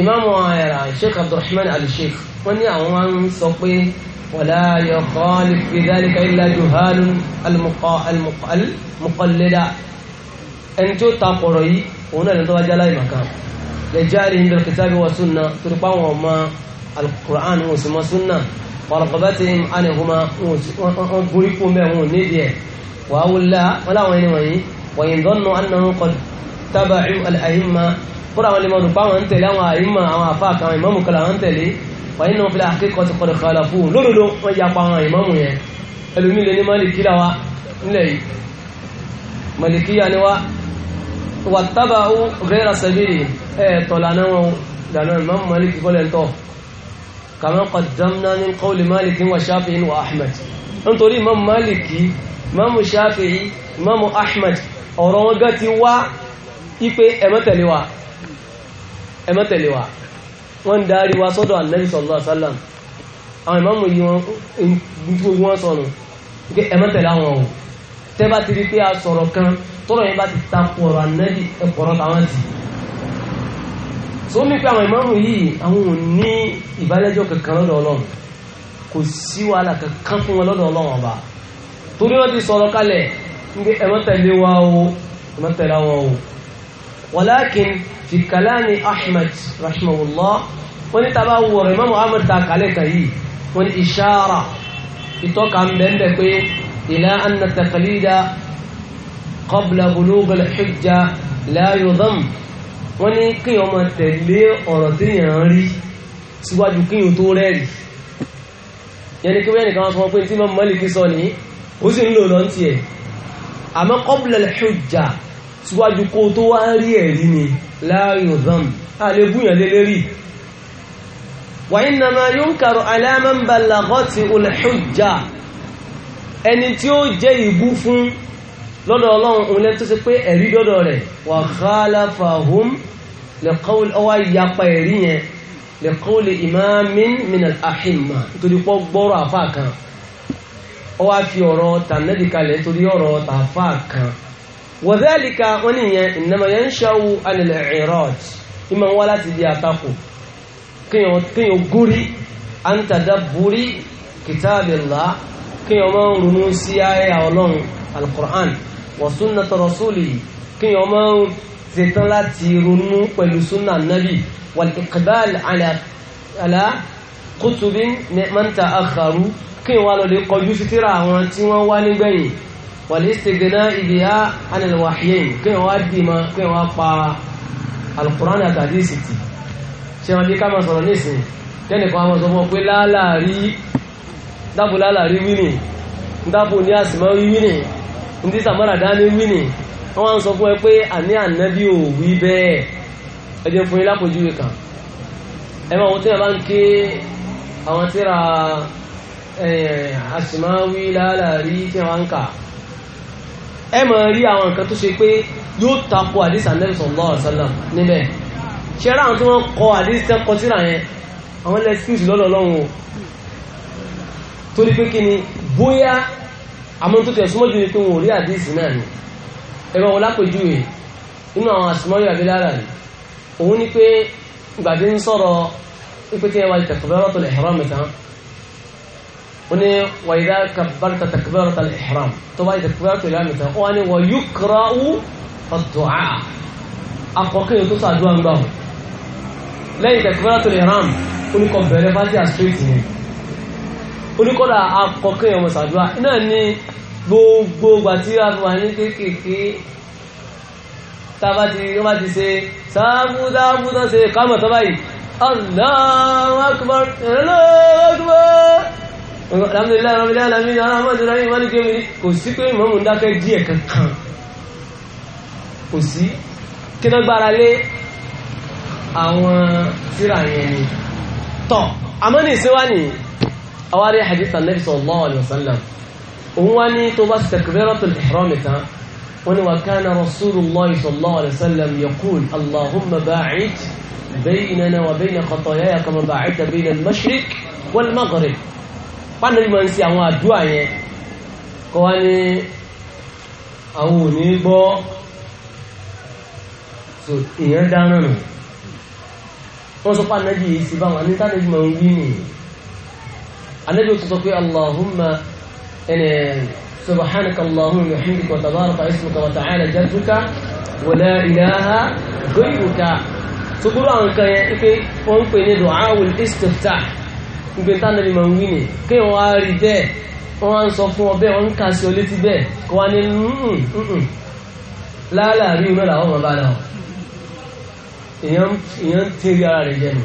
imaamu ayara eh, sheikh abdulrahman ali sheikh wọ́n ní àwọn máa ń sọ pé ولا يخالف في ذلك إلا جهال المقلدة أنت تقرأي هنا لنتواجه لا مكان لجارهم بالكتاب والسنة ما القرآن وسمى سنة ورغبتهم عنهما وبركوا به ندية وأولا ولا وين وين وإن ظنوا أنهم قد تبعوا الأئمة قرأوا لما ربعوا أنت لهم أئمة أو أفاق أو إمام كلا أنت لي wọ́n yìí náà fi àkẹ́kọ̀ọ́ ti kọ́dọ̀ kọ́lá fún un lódodo wọ́n ya pa àwọn ìmáàmù yẹn ẹlòmí lè ní mọ́lìkí là wa nílẹ̀ yìí mọ́lìkí yà ni wa wà tábà ó gẹ́rà sẹ́bìrì ẹ̀ tọ̀là náà wọn dànù ìmáàmù mọ́lìkí kọ́lẹ̀ ń tọ̀ kàmá qaddamna min qawli mọ́lìkí ahmed ọ̀rọ̀ wọn gá ti wá ipe ẹ̀mọ́tẹ̀lẹ́wà wọ́n ń darí wa sọ́dọ̀ Ànábì sallallahu alaihi wasallam àwọn ìmáàmù yìí wọ́n gbogbo wọn sọnù pé ẹ má tẹ̀lé àwọn o tẹ́ bá ti rí pé a sọ̀rọ̀ kan kò sí wàhálà kankan fún wọn lọ́dọ̀ Ọlọ́run torí wọ́n ti sọ̀rọ̀ kalẹ̀ ń gbé ẹ má tẹ̀lé ولكن في كلام أحمد رحمه الله ونتباور إمام أحمد تاكاليك هي والإشارة يتوقع من بينك إلى أن التقليد قبل بلوغ الحجة لا يضم وني كيوم تلي أرتين ينري سوى جوكين توري يعني كوين كما سمع قلت إمام مالك صلي وزن لولون تيه أما قبل الحجة síwájú kó tó wá ń rí ẹ̀rí ni láàrin ọ̀zán àlébúyàn lélẹ́rí wàyínàmà yóò kàrọ̀ aláàmàbàlàkọ́ ti olùhùjá ẹni tí ó jẹ́ ìbú fún lọ́dọ̀ ọlọ́run oúnlẹ́ tó ṣe pé ẹ̀rí dọ́dọ̀ rẹ̀ wà kálàfàhùn ọwá ìyapa ẹ̀rí yẹn وذلك أني إنما ينشأ عن الإعراض إما ولا تدياتكو كي يقولي أن تدبري كتاب الله كي يوم رنوسي آية القرآن وسنة رسوله كي يوم زيتان لا تيرونو قلو سنة النبي والإقبال على على كتب من تأخروا كي والو لقجوش ترى وانتي وانواني بني wàlísìgbìnà ibi á anìlwàhíyìn kí wọ́n wá dìímá kí wọ́n pa alkùránì àtàdísì tì ṣe wọn bí ká máa sọ̀rọ̀ nísìn tẹ́nìkan àwọn ọ̀sọ́mọ́ pé láàlárí dábò láàlárí wíní dábò ní àsìmọ́ wíní ní sàmáràdá ní wíní wọ́n wá ń sọ fún ẹ pé àní ànábì ò wí bẹ́ẹ̀ ẹ jẹ́ fún yín lápòjúwe kan ẹ ẹ máa rí àwọn nǹkan tó ṣe pé yóò tako àdìsí Ànábì sallallahu alaihi wasallam níbẹ̀ ṣe rá àwọn tí wọ́n kọ àdìsí tẹ́ kọ síra yẹn àwọn lẹ́sìkìsì lọ́dọ̀ Ọlọ́run o torí pé kí ni bóyá àmọ́ tó tẹ̀ súnmọ́ ni ẹ̀rọ wọn lápèjúwe nínú àwọn àsìmọ́yọ̀ àbílára ni òun ń sọ̀rọ̀ ìpètè ẹwà ìtẹ̀kọ̀bẹ́rọ̀ tó mẹ́ta وني وإذا كبرت تكبيرة الإحرام طبعا تكبيرة الإحرام وأني ويقرأ الدعاء أقوى تصع دعاء الله لأي تكبيرة الإحرام وني كبيرة فاتحة سويتي وني كودا أقوى كي يوم سعدوا إنا أني gbogbo gbàtí àfihàn ní kéèkéèké tàbátí wọ́n ti ṣe sáàbúdáàbú tán ṣe kámọ̀ tán báyìí allah akbar allah akbar alhamdulilayi rabil alamin aramadu rahim alikemi kò sí pé ìmọ̀mù dákẹ́ díẹ̀ kankan kò sí kíná gbára lé àwọn síra yẹn ni tọ́ àmọ́ ní ìsinwá ni awárí hadith anabi sallallahu alayhi wa sallam òun wá ní tó bá takbiratul ihram tán wọ́n ni wa kana rasulullah sallallahu alayhi wa sallam yaqul allahumma ba'id baynana wa bayna khatayaya kama ba'idta bayna al-mashriq wal maghrib pánàbí máa ń ṣe àwọn àdúrà yẹn kọ́ wá ní àwọn òní gbọ́ so èèyàn dáná nù wọ́n sọ pánàbí yìí sí báwọn àní máa ń wí nìyí àlejò tó sọ pé allahumma ẹnẹ subhanaka allahumma wa hamdika wa tabaraka ismuka wa ta'ala jadduka wa la ilaha ghayruka tó gbúrò àwọn kan yẹn pé wọ́n ń pè ní du'a wal istiftah gbé tánàbí ma ń wí nì kí wọ́n á rí bẹ́ẹ̀ wọ́n á ń sọ fún ọ bẹ́ẹ̀ wọ́n ń kà sí ọ létí bẹ́ẹ̀ kó wá ní nùnùn láàláàrí náà làwọn ọmọ bá náà èèyàn ń tẹ́rí ara rẹ̀ jẹ́ nù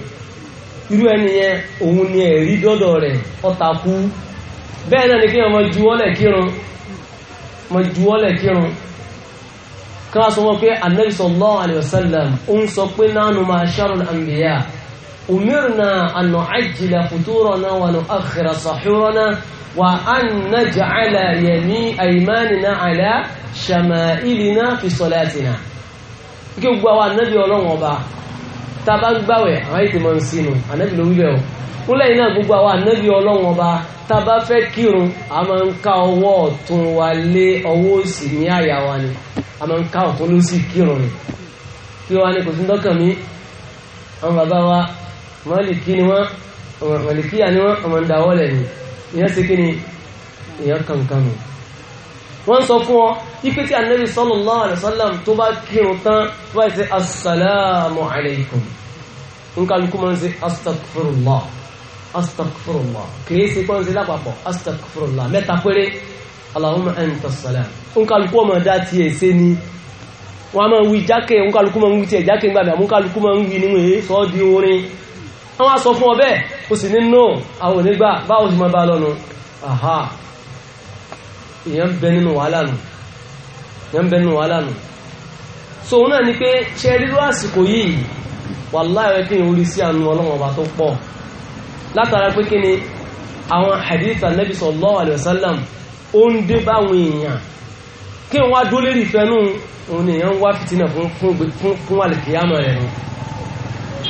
irú ẹni yẹn òun ni ẹ̀rí dọ́dọ̀ rẹ̀ ọ̀tàkú bẹ́ẹ̀ náà ni kí wọ́n juwọ́lẹ̀ kírun wọ́n juwọ́lẹ̀ kírun kí wọ́n sọ wọn pé anabi sọ pé nánú máa أمرنا أن نعجل فطورنا ونؤخر سحورنا وأن نجعل يمي أيماننا على شمائلنا في صلاتنا gbogbo àwọn anábì ọlọ́wọ́n ọba tá a bá gbàwẹ̀ àwọn ètò máa ń sínú anábì ló wílẹ̀ o ó lẹ́yìn náà gbogbo àwọn anábì ọlọ́wọ́n ọba tá a bá fẹ́ kírun a máa ń ká ọwọ́ ọ̀tún wa lé ọwọ́ òsì ní àyà wa ni a máa ń ká ọ̀tún ló sì kírun ni kí wọ́n á ní kò sí dọ́kàn mi àwọn bàbá wa mọ́lìkí ni wọ́n mọ̀lìkíyà ni wọ́n ọmọ ìdáwọ́lẹ̀ ni ìyẹn sí kí ni ìyẹn kankan nù wọ́n sọ fún ọ ipé tí annabi sallallahu alaihi wasallam tó bá kírun tán tó bá ṣe assalamu alaikum n kálukú máa ń astagfirullah astagfirullah kìí ṣe kọ́ ń lápapọ̀ astagfirullah mẹ́ta péré allahumma anta salam ọmọ dá tiẹ̀ ṣe ni wọ́n máa ń wí jákè n máa ń wí tiẹ̀ jákè ńgbàgbà n kálukú máa ń wí níwèé sọ́ọ́ di orin wọ́n á sọ fún ọ bẹ́ẹ̀ o sì nínú àwọn onígbà báwo sì máa bá lọ́nu àhá èèyàn ń bẹ nínú wàhálà nù èèyàn ń bẹ nínú wàhálà nù so òun náà ni pé ṣe rírú àsìkò yìí wàláhì kí n orí sí àánú ọlọ́wọ́n ọba tó pọ̀ látara pé kí ni àwọn hadith anabi sallallahu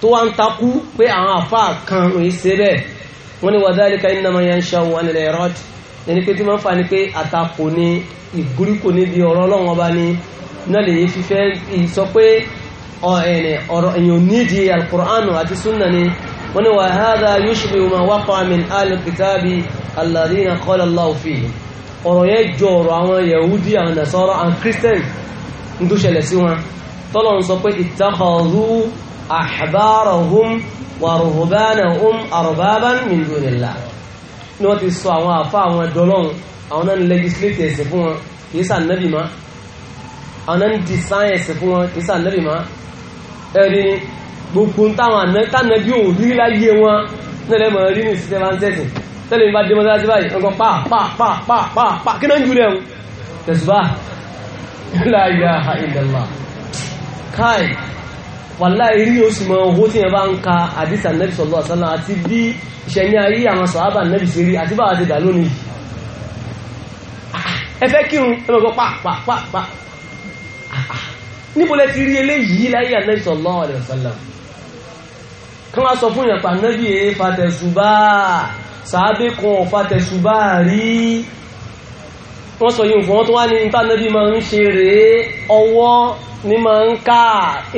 tó wá ń takú pé àwọn àfa kan òye ṣe bẹ́ẹ̀ wọ́n ní wàdálíkà innama yansha anil irad ẹni pé tí wọ́n fà ní pé àtakò ní ìgúríkò níbi ọ̀rọ̀ ọlọ́wọ́n bá ní náà lè fífẹ́ sọ pé ọ̀rọ̀ èèyàn nídìí alkùránù àti súnà ni wọ́n ní wa hadha ma waqa min al-kitabi alladhina qala Allahu ọ̀rọ̀ yẹn jọ ọ̀rọ̀ àwọn yahudi àwọn nasara àwọn christian ń tó sí wọn tọ́lọ́run ahbarahum wa ruhbanahum arbaban min dunillah ni wọ́n ti sọ àwọn àfa àwọn dọ́lọ́hún àwọn náà ń legislate ẹ̀sìn fún wọn kì í sàn nábì má àwọn náà ń di sáyẹ̀nsì fún wọn kì í sàn nábì má ẹ̀rí ni gbogbo táwọn ànábì òun rí láyé wọn náà lẹ́mọ̀ rí ní ìsìtẹ́ bá ń sẹ́sìn tẹ́lẹ̀ mi bá dé mọ́tàlá sí báyìí nǹkan pa pa pa pa pa pa kí náà ń jùlẹ̀ ọ̀hún tẹ̀sùbá la ilaha illallah káì wàlá eré yóò sì mọ owó tí yẹn bá ń ka àdìsá nẹ́bí sọ̀lọ́ ọ̀sánà àti bí ìṣẹ̀ní ayé àwọn sàhábà nẹ́bí sí rí àti bá àti dà lónìí ẹ kírun ẹ mọ̀ pa pa pa pa níbo lẹ ti rí eléyìí láyé ànẹ́bí sọ̀lọ́ ọ̀sánà kí wọ́n sọ fún yẹn pa nẹ́bí èé sàábẹ́kùn ọ̀fatẹ̀sùbá rí wọ́n sọ yìí fún tó wá ní ìtànẹ́bí ma ń ṣe rèé ọwọ́ ní ma ń ká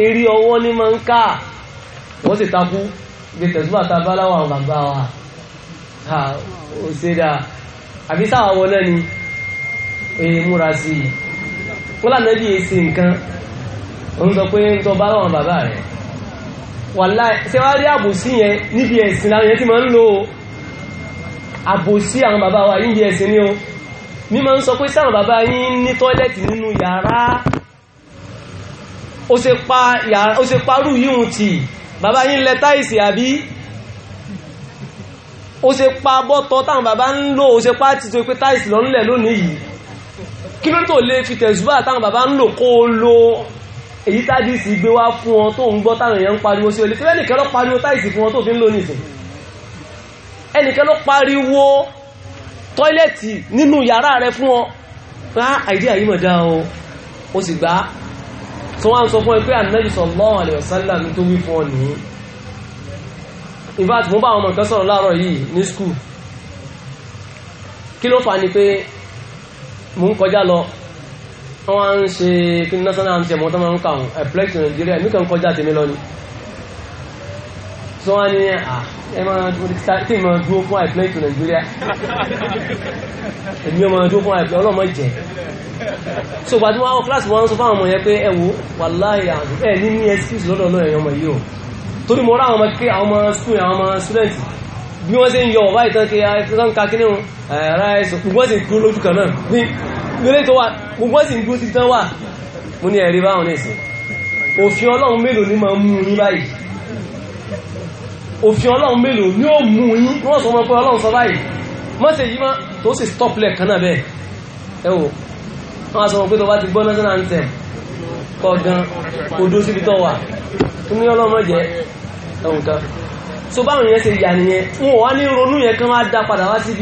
eré ọwọ́ ní ma ń ká wọ́n sì takú bí tẹ̀síwà ta bá láwọn bàbá wa ha ó ṣe dáa àbí sáwà wọlé ni èyí múra sí i wọ́n lànàbí èsì nǹkan òun sọ pé ń tọ́ bá láwọn bàbá rẹ̀ wàláhì ṣé wá rí àbòsí yẹn níbi ẹ̀sìn láwọn yẹn ti máa ń lo àbòsí àwọn bàbá wa yìí ẹ̀sìn ni o ní ma ń sọ pé sáwọn bàbá yín ní tọ́lẹ̀tì nínú yàrá ó ṣe parú yíhun tí bàbá yín lẹ táìsì àbí ó ṣe pa bọ́tọ̀ táwọn bàbá ń lò ó ṣe pa ti tó pé táìsì lọ́nlẹ̀ lónìí yìí kí ló tó lè fi tẹ̀sùbà táwọn bàbá ń lò kó o lo èyí táìsì gbé wá fún ọ tó ń gbọ́ táwọn èèyàn ń pariwo tọ́ílẹ̀tì nínú yàrá rẹ fún ọ pé àìdíà ah, yìí mọ̀ o ó sì gbá tó wá ń sọ fún ẹ pé ànábì sallallahu alaihi wasallam tó wí fún ọ nìyí in fact mo bá àwọn ọmọ nǹkan sọ̀rọ̀ láàárọ̀ yìí ní school kí ló fà ní pé mo ń kọjá lọ wọ́n ń ṣe kí national anthem wọ́n tó máa ń kà wọn ẹ̀pẹ́lẹ́kì nàìjíríà mí kàn kọjá tèmi lọ ni so wọ́n ní ah. ẹ máa tí ìmọ̀ dúró fún àìpẹ́ ètò nàìjíríà èmi ọmọ dúró fún àìpẹ́ ọlọ́mọ jẹ́ so gbàdú wọ́n kíláàsì wọ́n sọ fáwọn ọmọ yẹn pé ẹwò wàláhì ẹ̀ ní ní excuse lọ́dọ̀ náà ẹ̀yàn ọmọ yìí o torí mo rá àwọn ọmọ kí àwọn ọmọ school àwọn ọmọ student bí wọ́n ṣe ń yọ ọ̀bá ìtàn kí wọ́n ka kíní ẹ̀rá ẹ̀sọ̀ gbogbo sì ń dúró lójú kan náà ní ilé tó òfin ọlọ́run mélòó ní ó mú yín wọ́n sọ mọ́ pé ọlọ́run sọ báyìí mọ́sẹ̀ yìí máa tó sì stop lẹ́ẹ̀kan bẹ́ẹ̀ ẹ wọ́n bá ti gbọ́ national anthem kọ gan odó síbi tó wà tó ní ọlọ́run jẹ́ kan so báwọn yẹn ṣe yà nìyẹn wọn wá ní ronú yẹn máa dá rẹ ni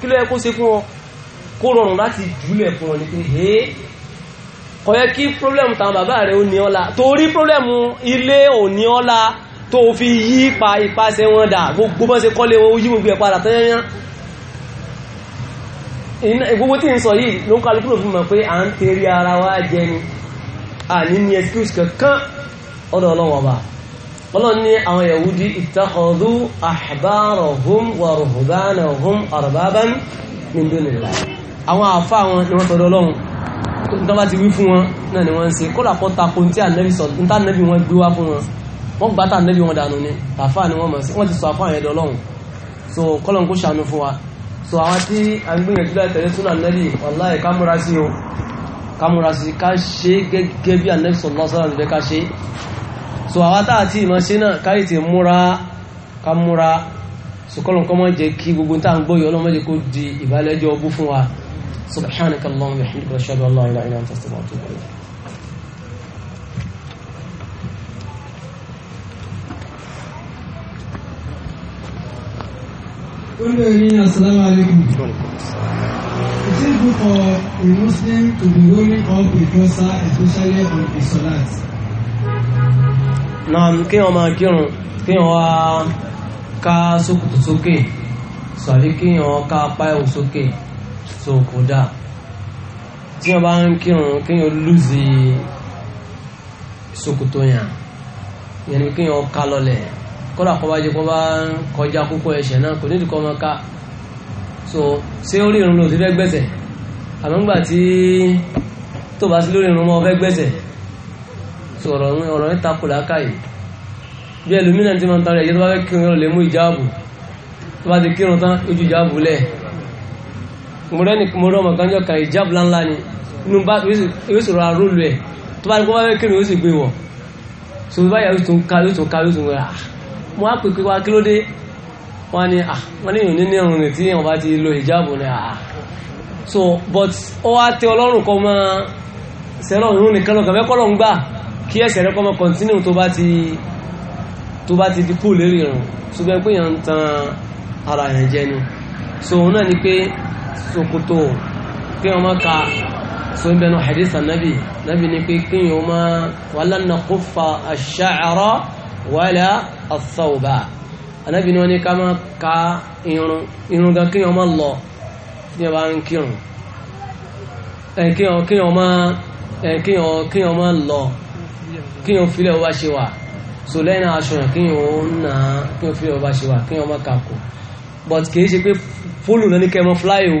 kí ló yẹ kó fún ọ kó rọrùn kò yẹ kí problem tàwọn bàbá rẹ̀ ó ní ọlá torí problem ilé ò ní ọlá tó fi yí pa ìpasẹ̀ wọn dà gbogbo bọ́n ṣe kọ́lé wọn ó yí gbogbo ẹ̀ padà tán yányán gbogbo tí ń sọ yìí ló ń kálukú ló fi mọ̀ pé à ń tẹ̀rí ara wa jẹ ni a ní ní excuse kankan ọ̀dọ̀ ọlọ́wọ́ ọba ọlọ́run ní àwọn yahudi ittakhadhu ahbarahum wa ruhbanahum arbaban min tó bá ti wí fún wọn náà ni wọ́n ń ṣe kódà kọ́ tako ní tí ànẹ́bí sọ ní tí ànẹ́bí wọn gbé wá fún wọn wọ́n gbá tà ànẹ́bí wọn dànù ni tàfà ni wọ́n mọ̀ sí wọ́n ti sọ àfáà yẹn dọ̀ lọ́hùn so kọ́lọ̀ kó ṣàánú fún wa so àwọn tí a ń gbìyànjú láti tẹ̀lé súnà ànẹ́bí wàláì ká múra sí o ká múra sí ká ṣe gẹ́gẹ́ bí ànẹ́bí sọ lọ́sọ̀rọ̀ níbẹ̀ ká ṣe so àwọn tá àti ìmọ̀ ṣe náà ká ìtì múra ká múra so kọ́lọ̀ kọ́ mọ́ jẹ́ kí gbogbo tá à ń gbọ́ yọ ọlọ́mọ kó di ìbálẹ́jọ́ ọbú fún wa سبحانك اللهم وبحمدك واشهد ان لا اله الا انت استغفرك واتوب اليك Only Assalamu Is good for a Muslim to be rolling up a dosa, especially on the Salat? Naam, kí wọ́n máa kírun, kí wọ́n wá ká sókùtù sókè, sọ̀rí kí wọ́n ká apá ẹ̀wù sókè so kò dáa tí wọ́n bá ń kírun kéèyàn lùzì ṣòkòtò yàn yẹn ni kéèyàn ká lọlẹ̀ kódà kó bá jẹ́ kó bá ń kọjá kókó ẹsẹ̀ náà kò nídìí kó máa ká so ṣé orí irun ló ti fẹ́ gbẹ̀sẹ̀ àmọ́ ńgbà tí tó bá sí lórí irun mọ́ fẹ́ gbẹ̀sẹ̀ so ọ̀rọ̀ ọ̀rọ̀ ń takò lákàyè bí ẹlòmíràn ti máa ń tarẹ̀ yẹ tó bá fẹ́ kírun yọrọ lè mú ìjáàbù tó bá ti kírun tán ojú ìjáàbù lẹ̀ mọ̀rẹ́ ní mọ̀rẹ́ ọmọ kan jọ kan ìjáàbù láńlá ni inú bá yóò sì rọra rólu tó bá ní kó bá fẹ́ yóò sì gbé wọ̀ so bí báyà yóò tún ká yóò tún ká yóò tún wẹ̀ ah mo á pè pé kí ló dé wọ́n á ah wọ́n ní ìrìn nínú ìrìn tí wọ́n bá ti lo ìjáàbù ni ah so but ó wá tẹ ọlọ́run kọ́ mọ́ sẹ́lọ̀ ìrún nìkan lọ́kàn fẹ́ kọ́ lọ́n gbà kí ẹsẹ̀ rẹ kọ́ mọ́ continue tó bá ti tó bá ti di kú lérí ìrùn so bẹ́ẹ̀ pé yàn ń tan ara yàn jẹ ni so òun náà ni pé sokoto kí wọ́n máa ka so ń bẹnu hadith anabi nabi ni pé kí wọ́n máa wàlá na kófa aṣáára wàlá asauba anabi ni wọ́n ní ká máa ka irun irun gan kí wọ́n máa lọ tí wọ́n bá ń kírun kí wọ́n máa lọ kí wọ́n filẹ̀ wọ́n bá ṣe wà so lẹ́yìn aṣọ́yàn kí wọ́n na kí wọ́n filẹ̀ wọ́n bá ṣe wà kí wọ́n máa kàkó but kì í ṣe pé fólù náà ní kẹ́ mọ́ fly o.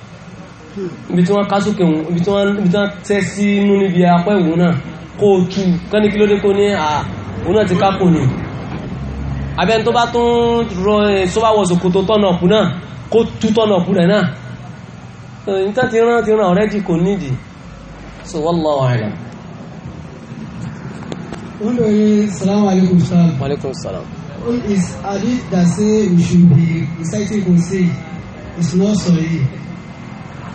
ibi tí wọ́n ká sókè wọn ibi tí wọ́n tẹ́ sí inú níbi apá ìwò náà kó o tú kẹ́ni kí ló dé kó ní àwọn náà ti ká kò ní abẹ́ni tó bá tún rọ sọ́wọ́sọ kò tó tọ́nà ọ̀pù náà kó tú tọ́nà ọ̀pù rẹ̀ náà nǹkan ti rán ti rán ọ̀rẹ́dì kò nídìí so wallahu a'lam. wọ́n lè salamu alaykum salam. wa alaykum salam. is hadith that say we should be reciting say is not sahih.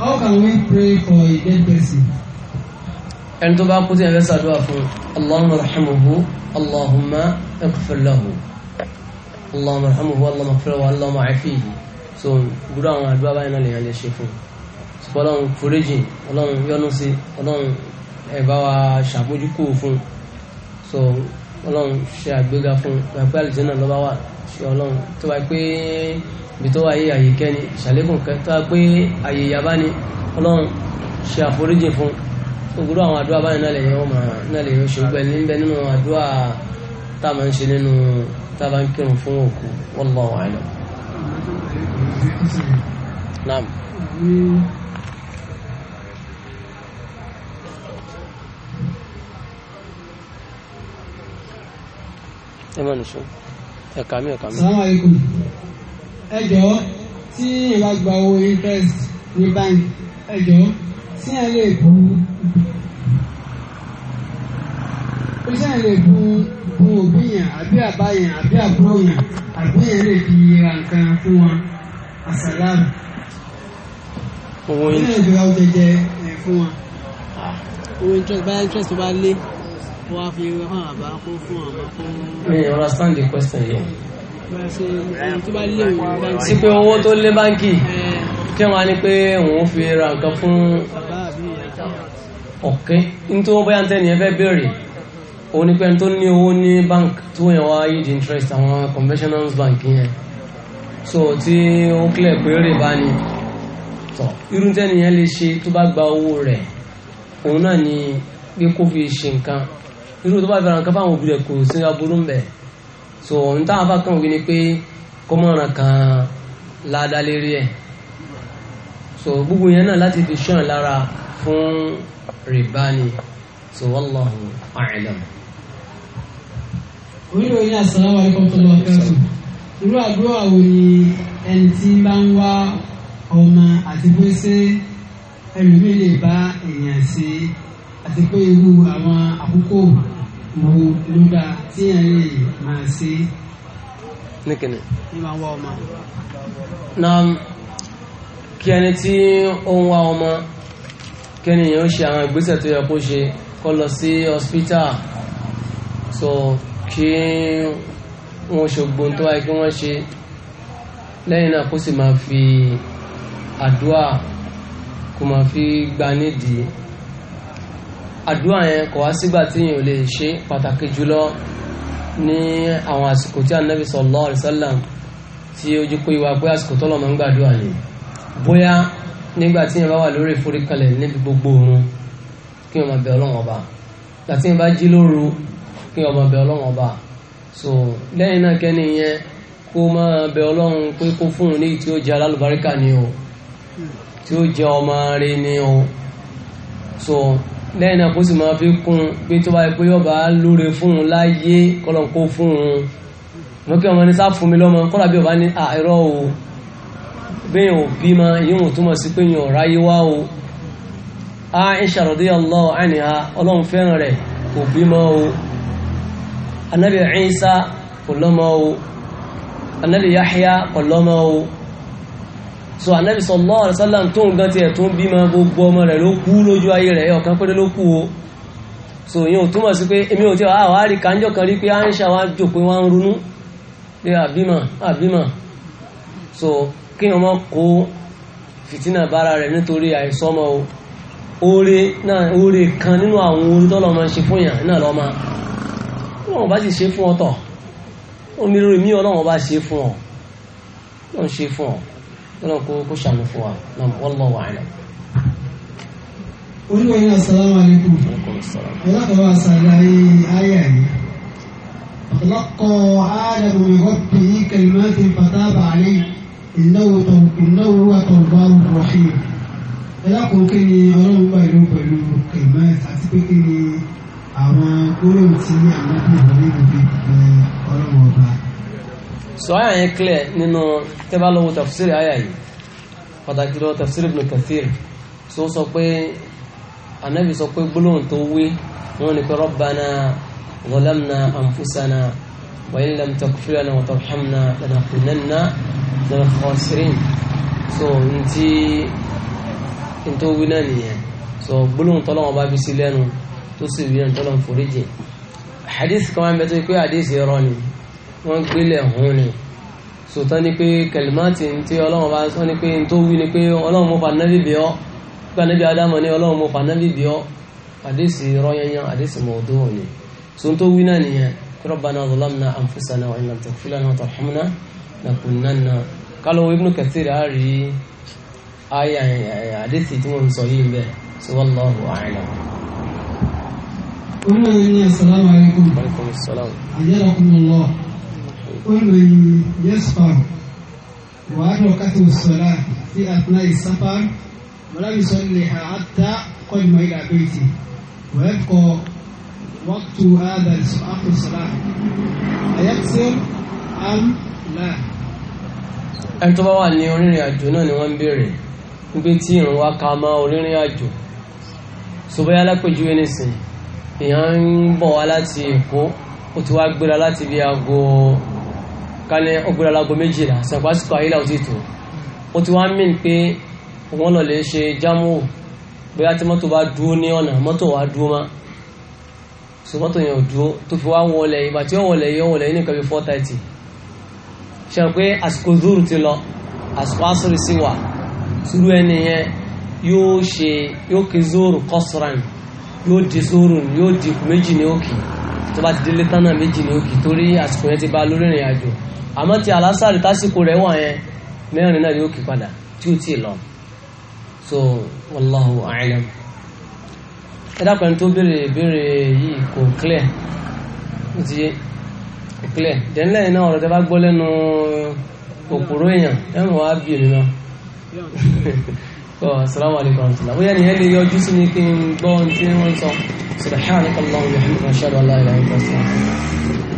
How can we pray for a dead person? ẹni tó bá kú sí ẹ̀fẹ́ sàdúrà fún Allahumma rahimuhu Allahumma ighfir lahu Allahumma rahimuhu Allahumma ighfir lahu Allahumma afihi so gbúdú àwọn àdúrà báyìí náà lèyàn lè ṣe fún ṣùgbọ́n ọlọ́run foríjì ọlọ́run yọ́nú sí ọlọ́run ẹ̀bá wa ṣàbójúkú fún so ọlọ́run ṣe àgbéga fún ẹ̀pẹ́ àlùjẹ́ náà lọ́ba wà ṣe ọlọ́run tó wáyé pé ibi tó wáyé àyè kẹ́ni ṣàlékún kẹta pé àyè yaba ni ọlọ́run ṣe àforíjì fún ògúrú àwọn àdúrà báyìí náà lè yọ ọmọ náà lè yọ ṣùgbọ́n níbẹ̀ nínú àdúrà tá a máa ń ṣe nínú tá ń kírun fún òkú wallahu a'lam. naam. ẹ máa nìṣó ẹ̀ka mi ẹ̀ka mi ẹ jọ̀ọ́ tí ìwà gba owó interest ní bank ẹ jọ̀ọ́ tí ẹ lè bu iṣẹ́ ẹ lè bu bu òbí yẹn àbí àbá yẹn àbí àbúrò yẹn àbí yẹn lè fi ra nǹkan fún wọn àsàlámù owó ìjọba jẹjẹ ẹ fún wọn. Ah, owó interest báyà interest bá lé wọ́n á fi hàn àbá kó fún àbá kó. mi ò understand the question yẹn. Yeah sí pé owó tó lé báńkì kí wọ́n ní pé òun fi ra nǹkan fún ọ̀kẹ́ nítorí wọ́n bóyá tẹ́ni ẹfẹ́ bèèrè òun ní pé tó ní owó ní bank tó yẹn wá yìí di interest àwọn conventional bank yẹn so tí ó clear pé rè bá ní tọ̀ irú tẹ́ni yẹn lè ṣe tó bá gba owó rẹ̀ òun náà ni pé kó fi ṣe nǹkan irú tó bá fi ra nǹkan fáwọn òbí rẹ̀ kò sí aburú ń bẹ̀ẹ́ so ohun táwọn bá kàn wí ni pé kọ́mọ̀ràn kan ládàlérí ẹ̀ so gbogbo yẹn náà láti fi ṣọ́n lára fún rìbá ni so wallahu a'lam. orílẹ̀ òye assalamu alaikum tó lọ kẹ́sùn irú àdúrà wo ni ẹni tí bá ń wá ọmọ àti pé ṣé ẹlòmíì lè bá èèyàn ṣe àti pé irú àwọn àkókò mo lúgà tí yẹn lè máa ṣe. ní kìnnì. ní máa wá ọmọ. na kí ẹni tí ó ń wá ọmọ kí ni yóò ṣe àwọn ìgbésẹ̀ tó yẹ kó ṣe kó lọ sí hospital so kí wọ́n ṣògbó tó wáyé kí wọ́n ṣe lẹ́yìn náà kó sì máa fi àdúrà kó máa fi gba nídìí àdúrà yẹn kò wá sígbà tí yìí ò lè ṣe pàtàkì jùlọ ní àwọn àsìkò tí anabi sallallahu alaihi tí ó jí pé ìwà pé àsìkò tọ́lọ̀ máa ń gbàdúrà ni bóyá nígbà tí yẹn bá wà lórí ìforíkalẹ̀ níbi gbogbo òun kí wọ́n máa bẹ ọlọ́run ọba ìgbà tí bá jí lóru kí wọ́n máa bẹ ọlọ́run ọba so lẹ́yìn náà kẹ́ni yẹn kó máa bẹ ọlọ́run pé kó fún un ní tí ó jẹ alálùbáríkà ni o tí ó jẹ ọmọ rẹ ni o so lẹ́yìn náà kó sì máa fi kún pé tó bá yẹ pé yọba lóore fún un láyé kọ́lọ̀ kó fún un mọ́ kí ọmọ ní sá fún mi lọ́mọ kọ́lá bí ọba ní àìrọ́ o bẹ́yìn ò bímọ yíò túmọ̀ sí pé yàn ráyé wá o Aisha radiyallahu anha ọlọ́run fẹ́ràn rẹ̀ kò bímọ o Anabi Isa kò lọ́mọ o Anabi Yahya kò lọ́mọ o so anabi sallallahu alaihi wasallam tó ń gan tiẹ̀ tó ń bímọ gbogbo ọmọ rẹ̀ ló kú lójú ayé rẹ̀ ọ̀kan péré ló kú o so yóò túmọ̀ sí pé emi ò tí wàá wàá rí kánjọ́ kan rí pé Aisha wàá jò pé wọ́n ń runú pé àbímọ àbímọ so kí ni ọmọ fitina fìtínà bára rẹ̀ nítorí àìsọ́mọ o oore náà oore kan nínú àwọn oore tó lọ́ọ́ máa ṣe fún yàn náà lọ́ọ́ máa wọ́n bá sì ṣe fún ọ tọ̀ omi rẹ̀ mí ọlọ́wọ́n bá ṣe fún ọ náà ṣe fún ọ ọlọ́run kó kó ṣàánú fún wa náà wọ́n lọ́ wà áyà. olúwa yìí asalaamu alaykum ọlọ́kọ̀ọ́ àṣàlàyé ayà yìí ọ̀pọ̀lọpọ̀ ádámù ìwọ́pì yìí kẹlẹ́mẹ́tì fataba alayhi ìnáwó ìnáwó àtọ̀gbáwò rahim ẹlẹ́kùn kí ni ọlọ́run gbà ìlú pẹ̀lú kẹlẹ́mẹ́tì àti pé kí ni àwọn gbólóhùn tí àwọn ọmọdé so àyà yẹn clear nínú tẹ́bá lọ́wọ́ tafsiri àyà yìí pàtàkì lọ́wọ́ tafsiri ibn kathir so sọ pé anabi sọ pé gbólóhùn tó wí wọn ni pé rabbana zalamna anfusana wa in lam taghfir lana wa tarhamna lanakunanna minal khasirin so ntí ntó wí náà nìyẹn so gbólóhùn tọ́lọ́wọ́ bá fi sí lẹ́nu tó sì wí náà tọ́lọ́wọ́ foríjì hadith kan wá ń bẹ tó yẹ pé ni wọ́n gbélẹ̀ hún ni sòtán ni pé kẹlìmáàtì tí ọlọ́run bá sọ ni pé n tó wí ni pé ọlọ́run mo fà nábì bí ọ́ gbà nábì ádámọ̀ ni ọlọ́run mo fà nábì bí ọ́ àdéṣì rọ́yányán àdéṣì mọ̀ọ́dọ́ ni so n tó wí náà nìyẹn rabbana zalamna anfusana wa in lam taghfir lana wa tarhamna lakunanna kálọ̀ ibnu kathir á rí àyà àdéṣì wọ́n ń sọ yìí bẹ́ẹ̀ so wallahu a'lam. olùwàlẹ́ كل يسفر وأدركته الصلاة في أثناء السفر ولم يصلح حتى قدم إلى بيته ويبقى وقت هذا آخر الصلاة أيقسم أم لا؟ ẹni tó bá wà ní onírìn àjò náà ni wọ́n ń béèrè nígbé tí ìrun wá ka mọ́ onírìn àjò ṣùgbọ́n alápèjúwe nìsín èèyàn ń bọ̀ wá láti Èkó ó ti wá gbéra láti bí aago ká ní ọgbẹ́rẹ́ alágbó méjìlá sẹ̀gbásíkò ayé làwọn ti tò ó ti wá mìn pé wọ́n lọ lè ṣe jámù bóyá tí mọ́tò bá dúró ní ọ̀nà mọ́tò wá dúró má so mọ́tò yẹn ò dúró tó fi wá wọlé ìgbà tí ó wọlé yìí wọlé yìí nìkan bí four thirty ṣe pé àsìkò zuru ti lọ àsìkò asiri sí wa sùúrù ẹni yẹn yóò ṣe yóò kí zuru kọ́sùrán yóò di zuru yóò di méjì ní òkè tó bá ti délé tánà méjì ní òkì torí àsìkò yẹn ti bá lórí ìrìn àjò àmọ́ ti àlásàrì tásìkò rẹ̀ wà yẹn mẹ́rin náà ní òkì padà tí ó ti lọ so wallahu a'lam ẹ dákun ẹni tó béèrè ìbéèrè yìí kò clear ó ti kò clear dẹ́nlẹ́yìn náà ọ̀rọ̀ tẹ́ bá gbọ́ lẹ́nu òpòrò èèyàn ẹ̀wọ̀n á bì mí náà. السلام عليكم ورحمة الله ويعني هل يوجسني كن بون تين ونصف سبحانك اللهم وبحمدك أشهد أن لا إله إلا أنت أستغفرك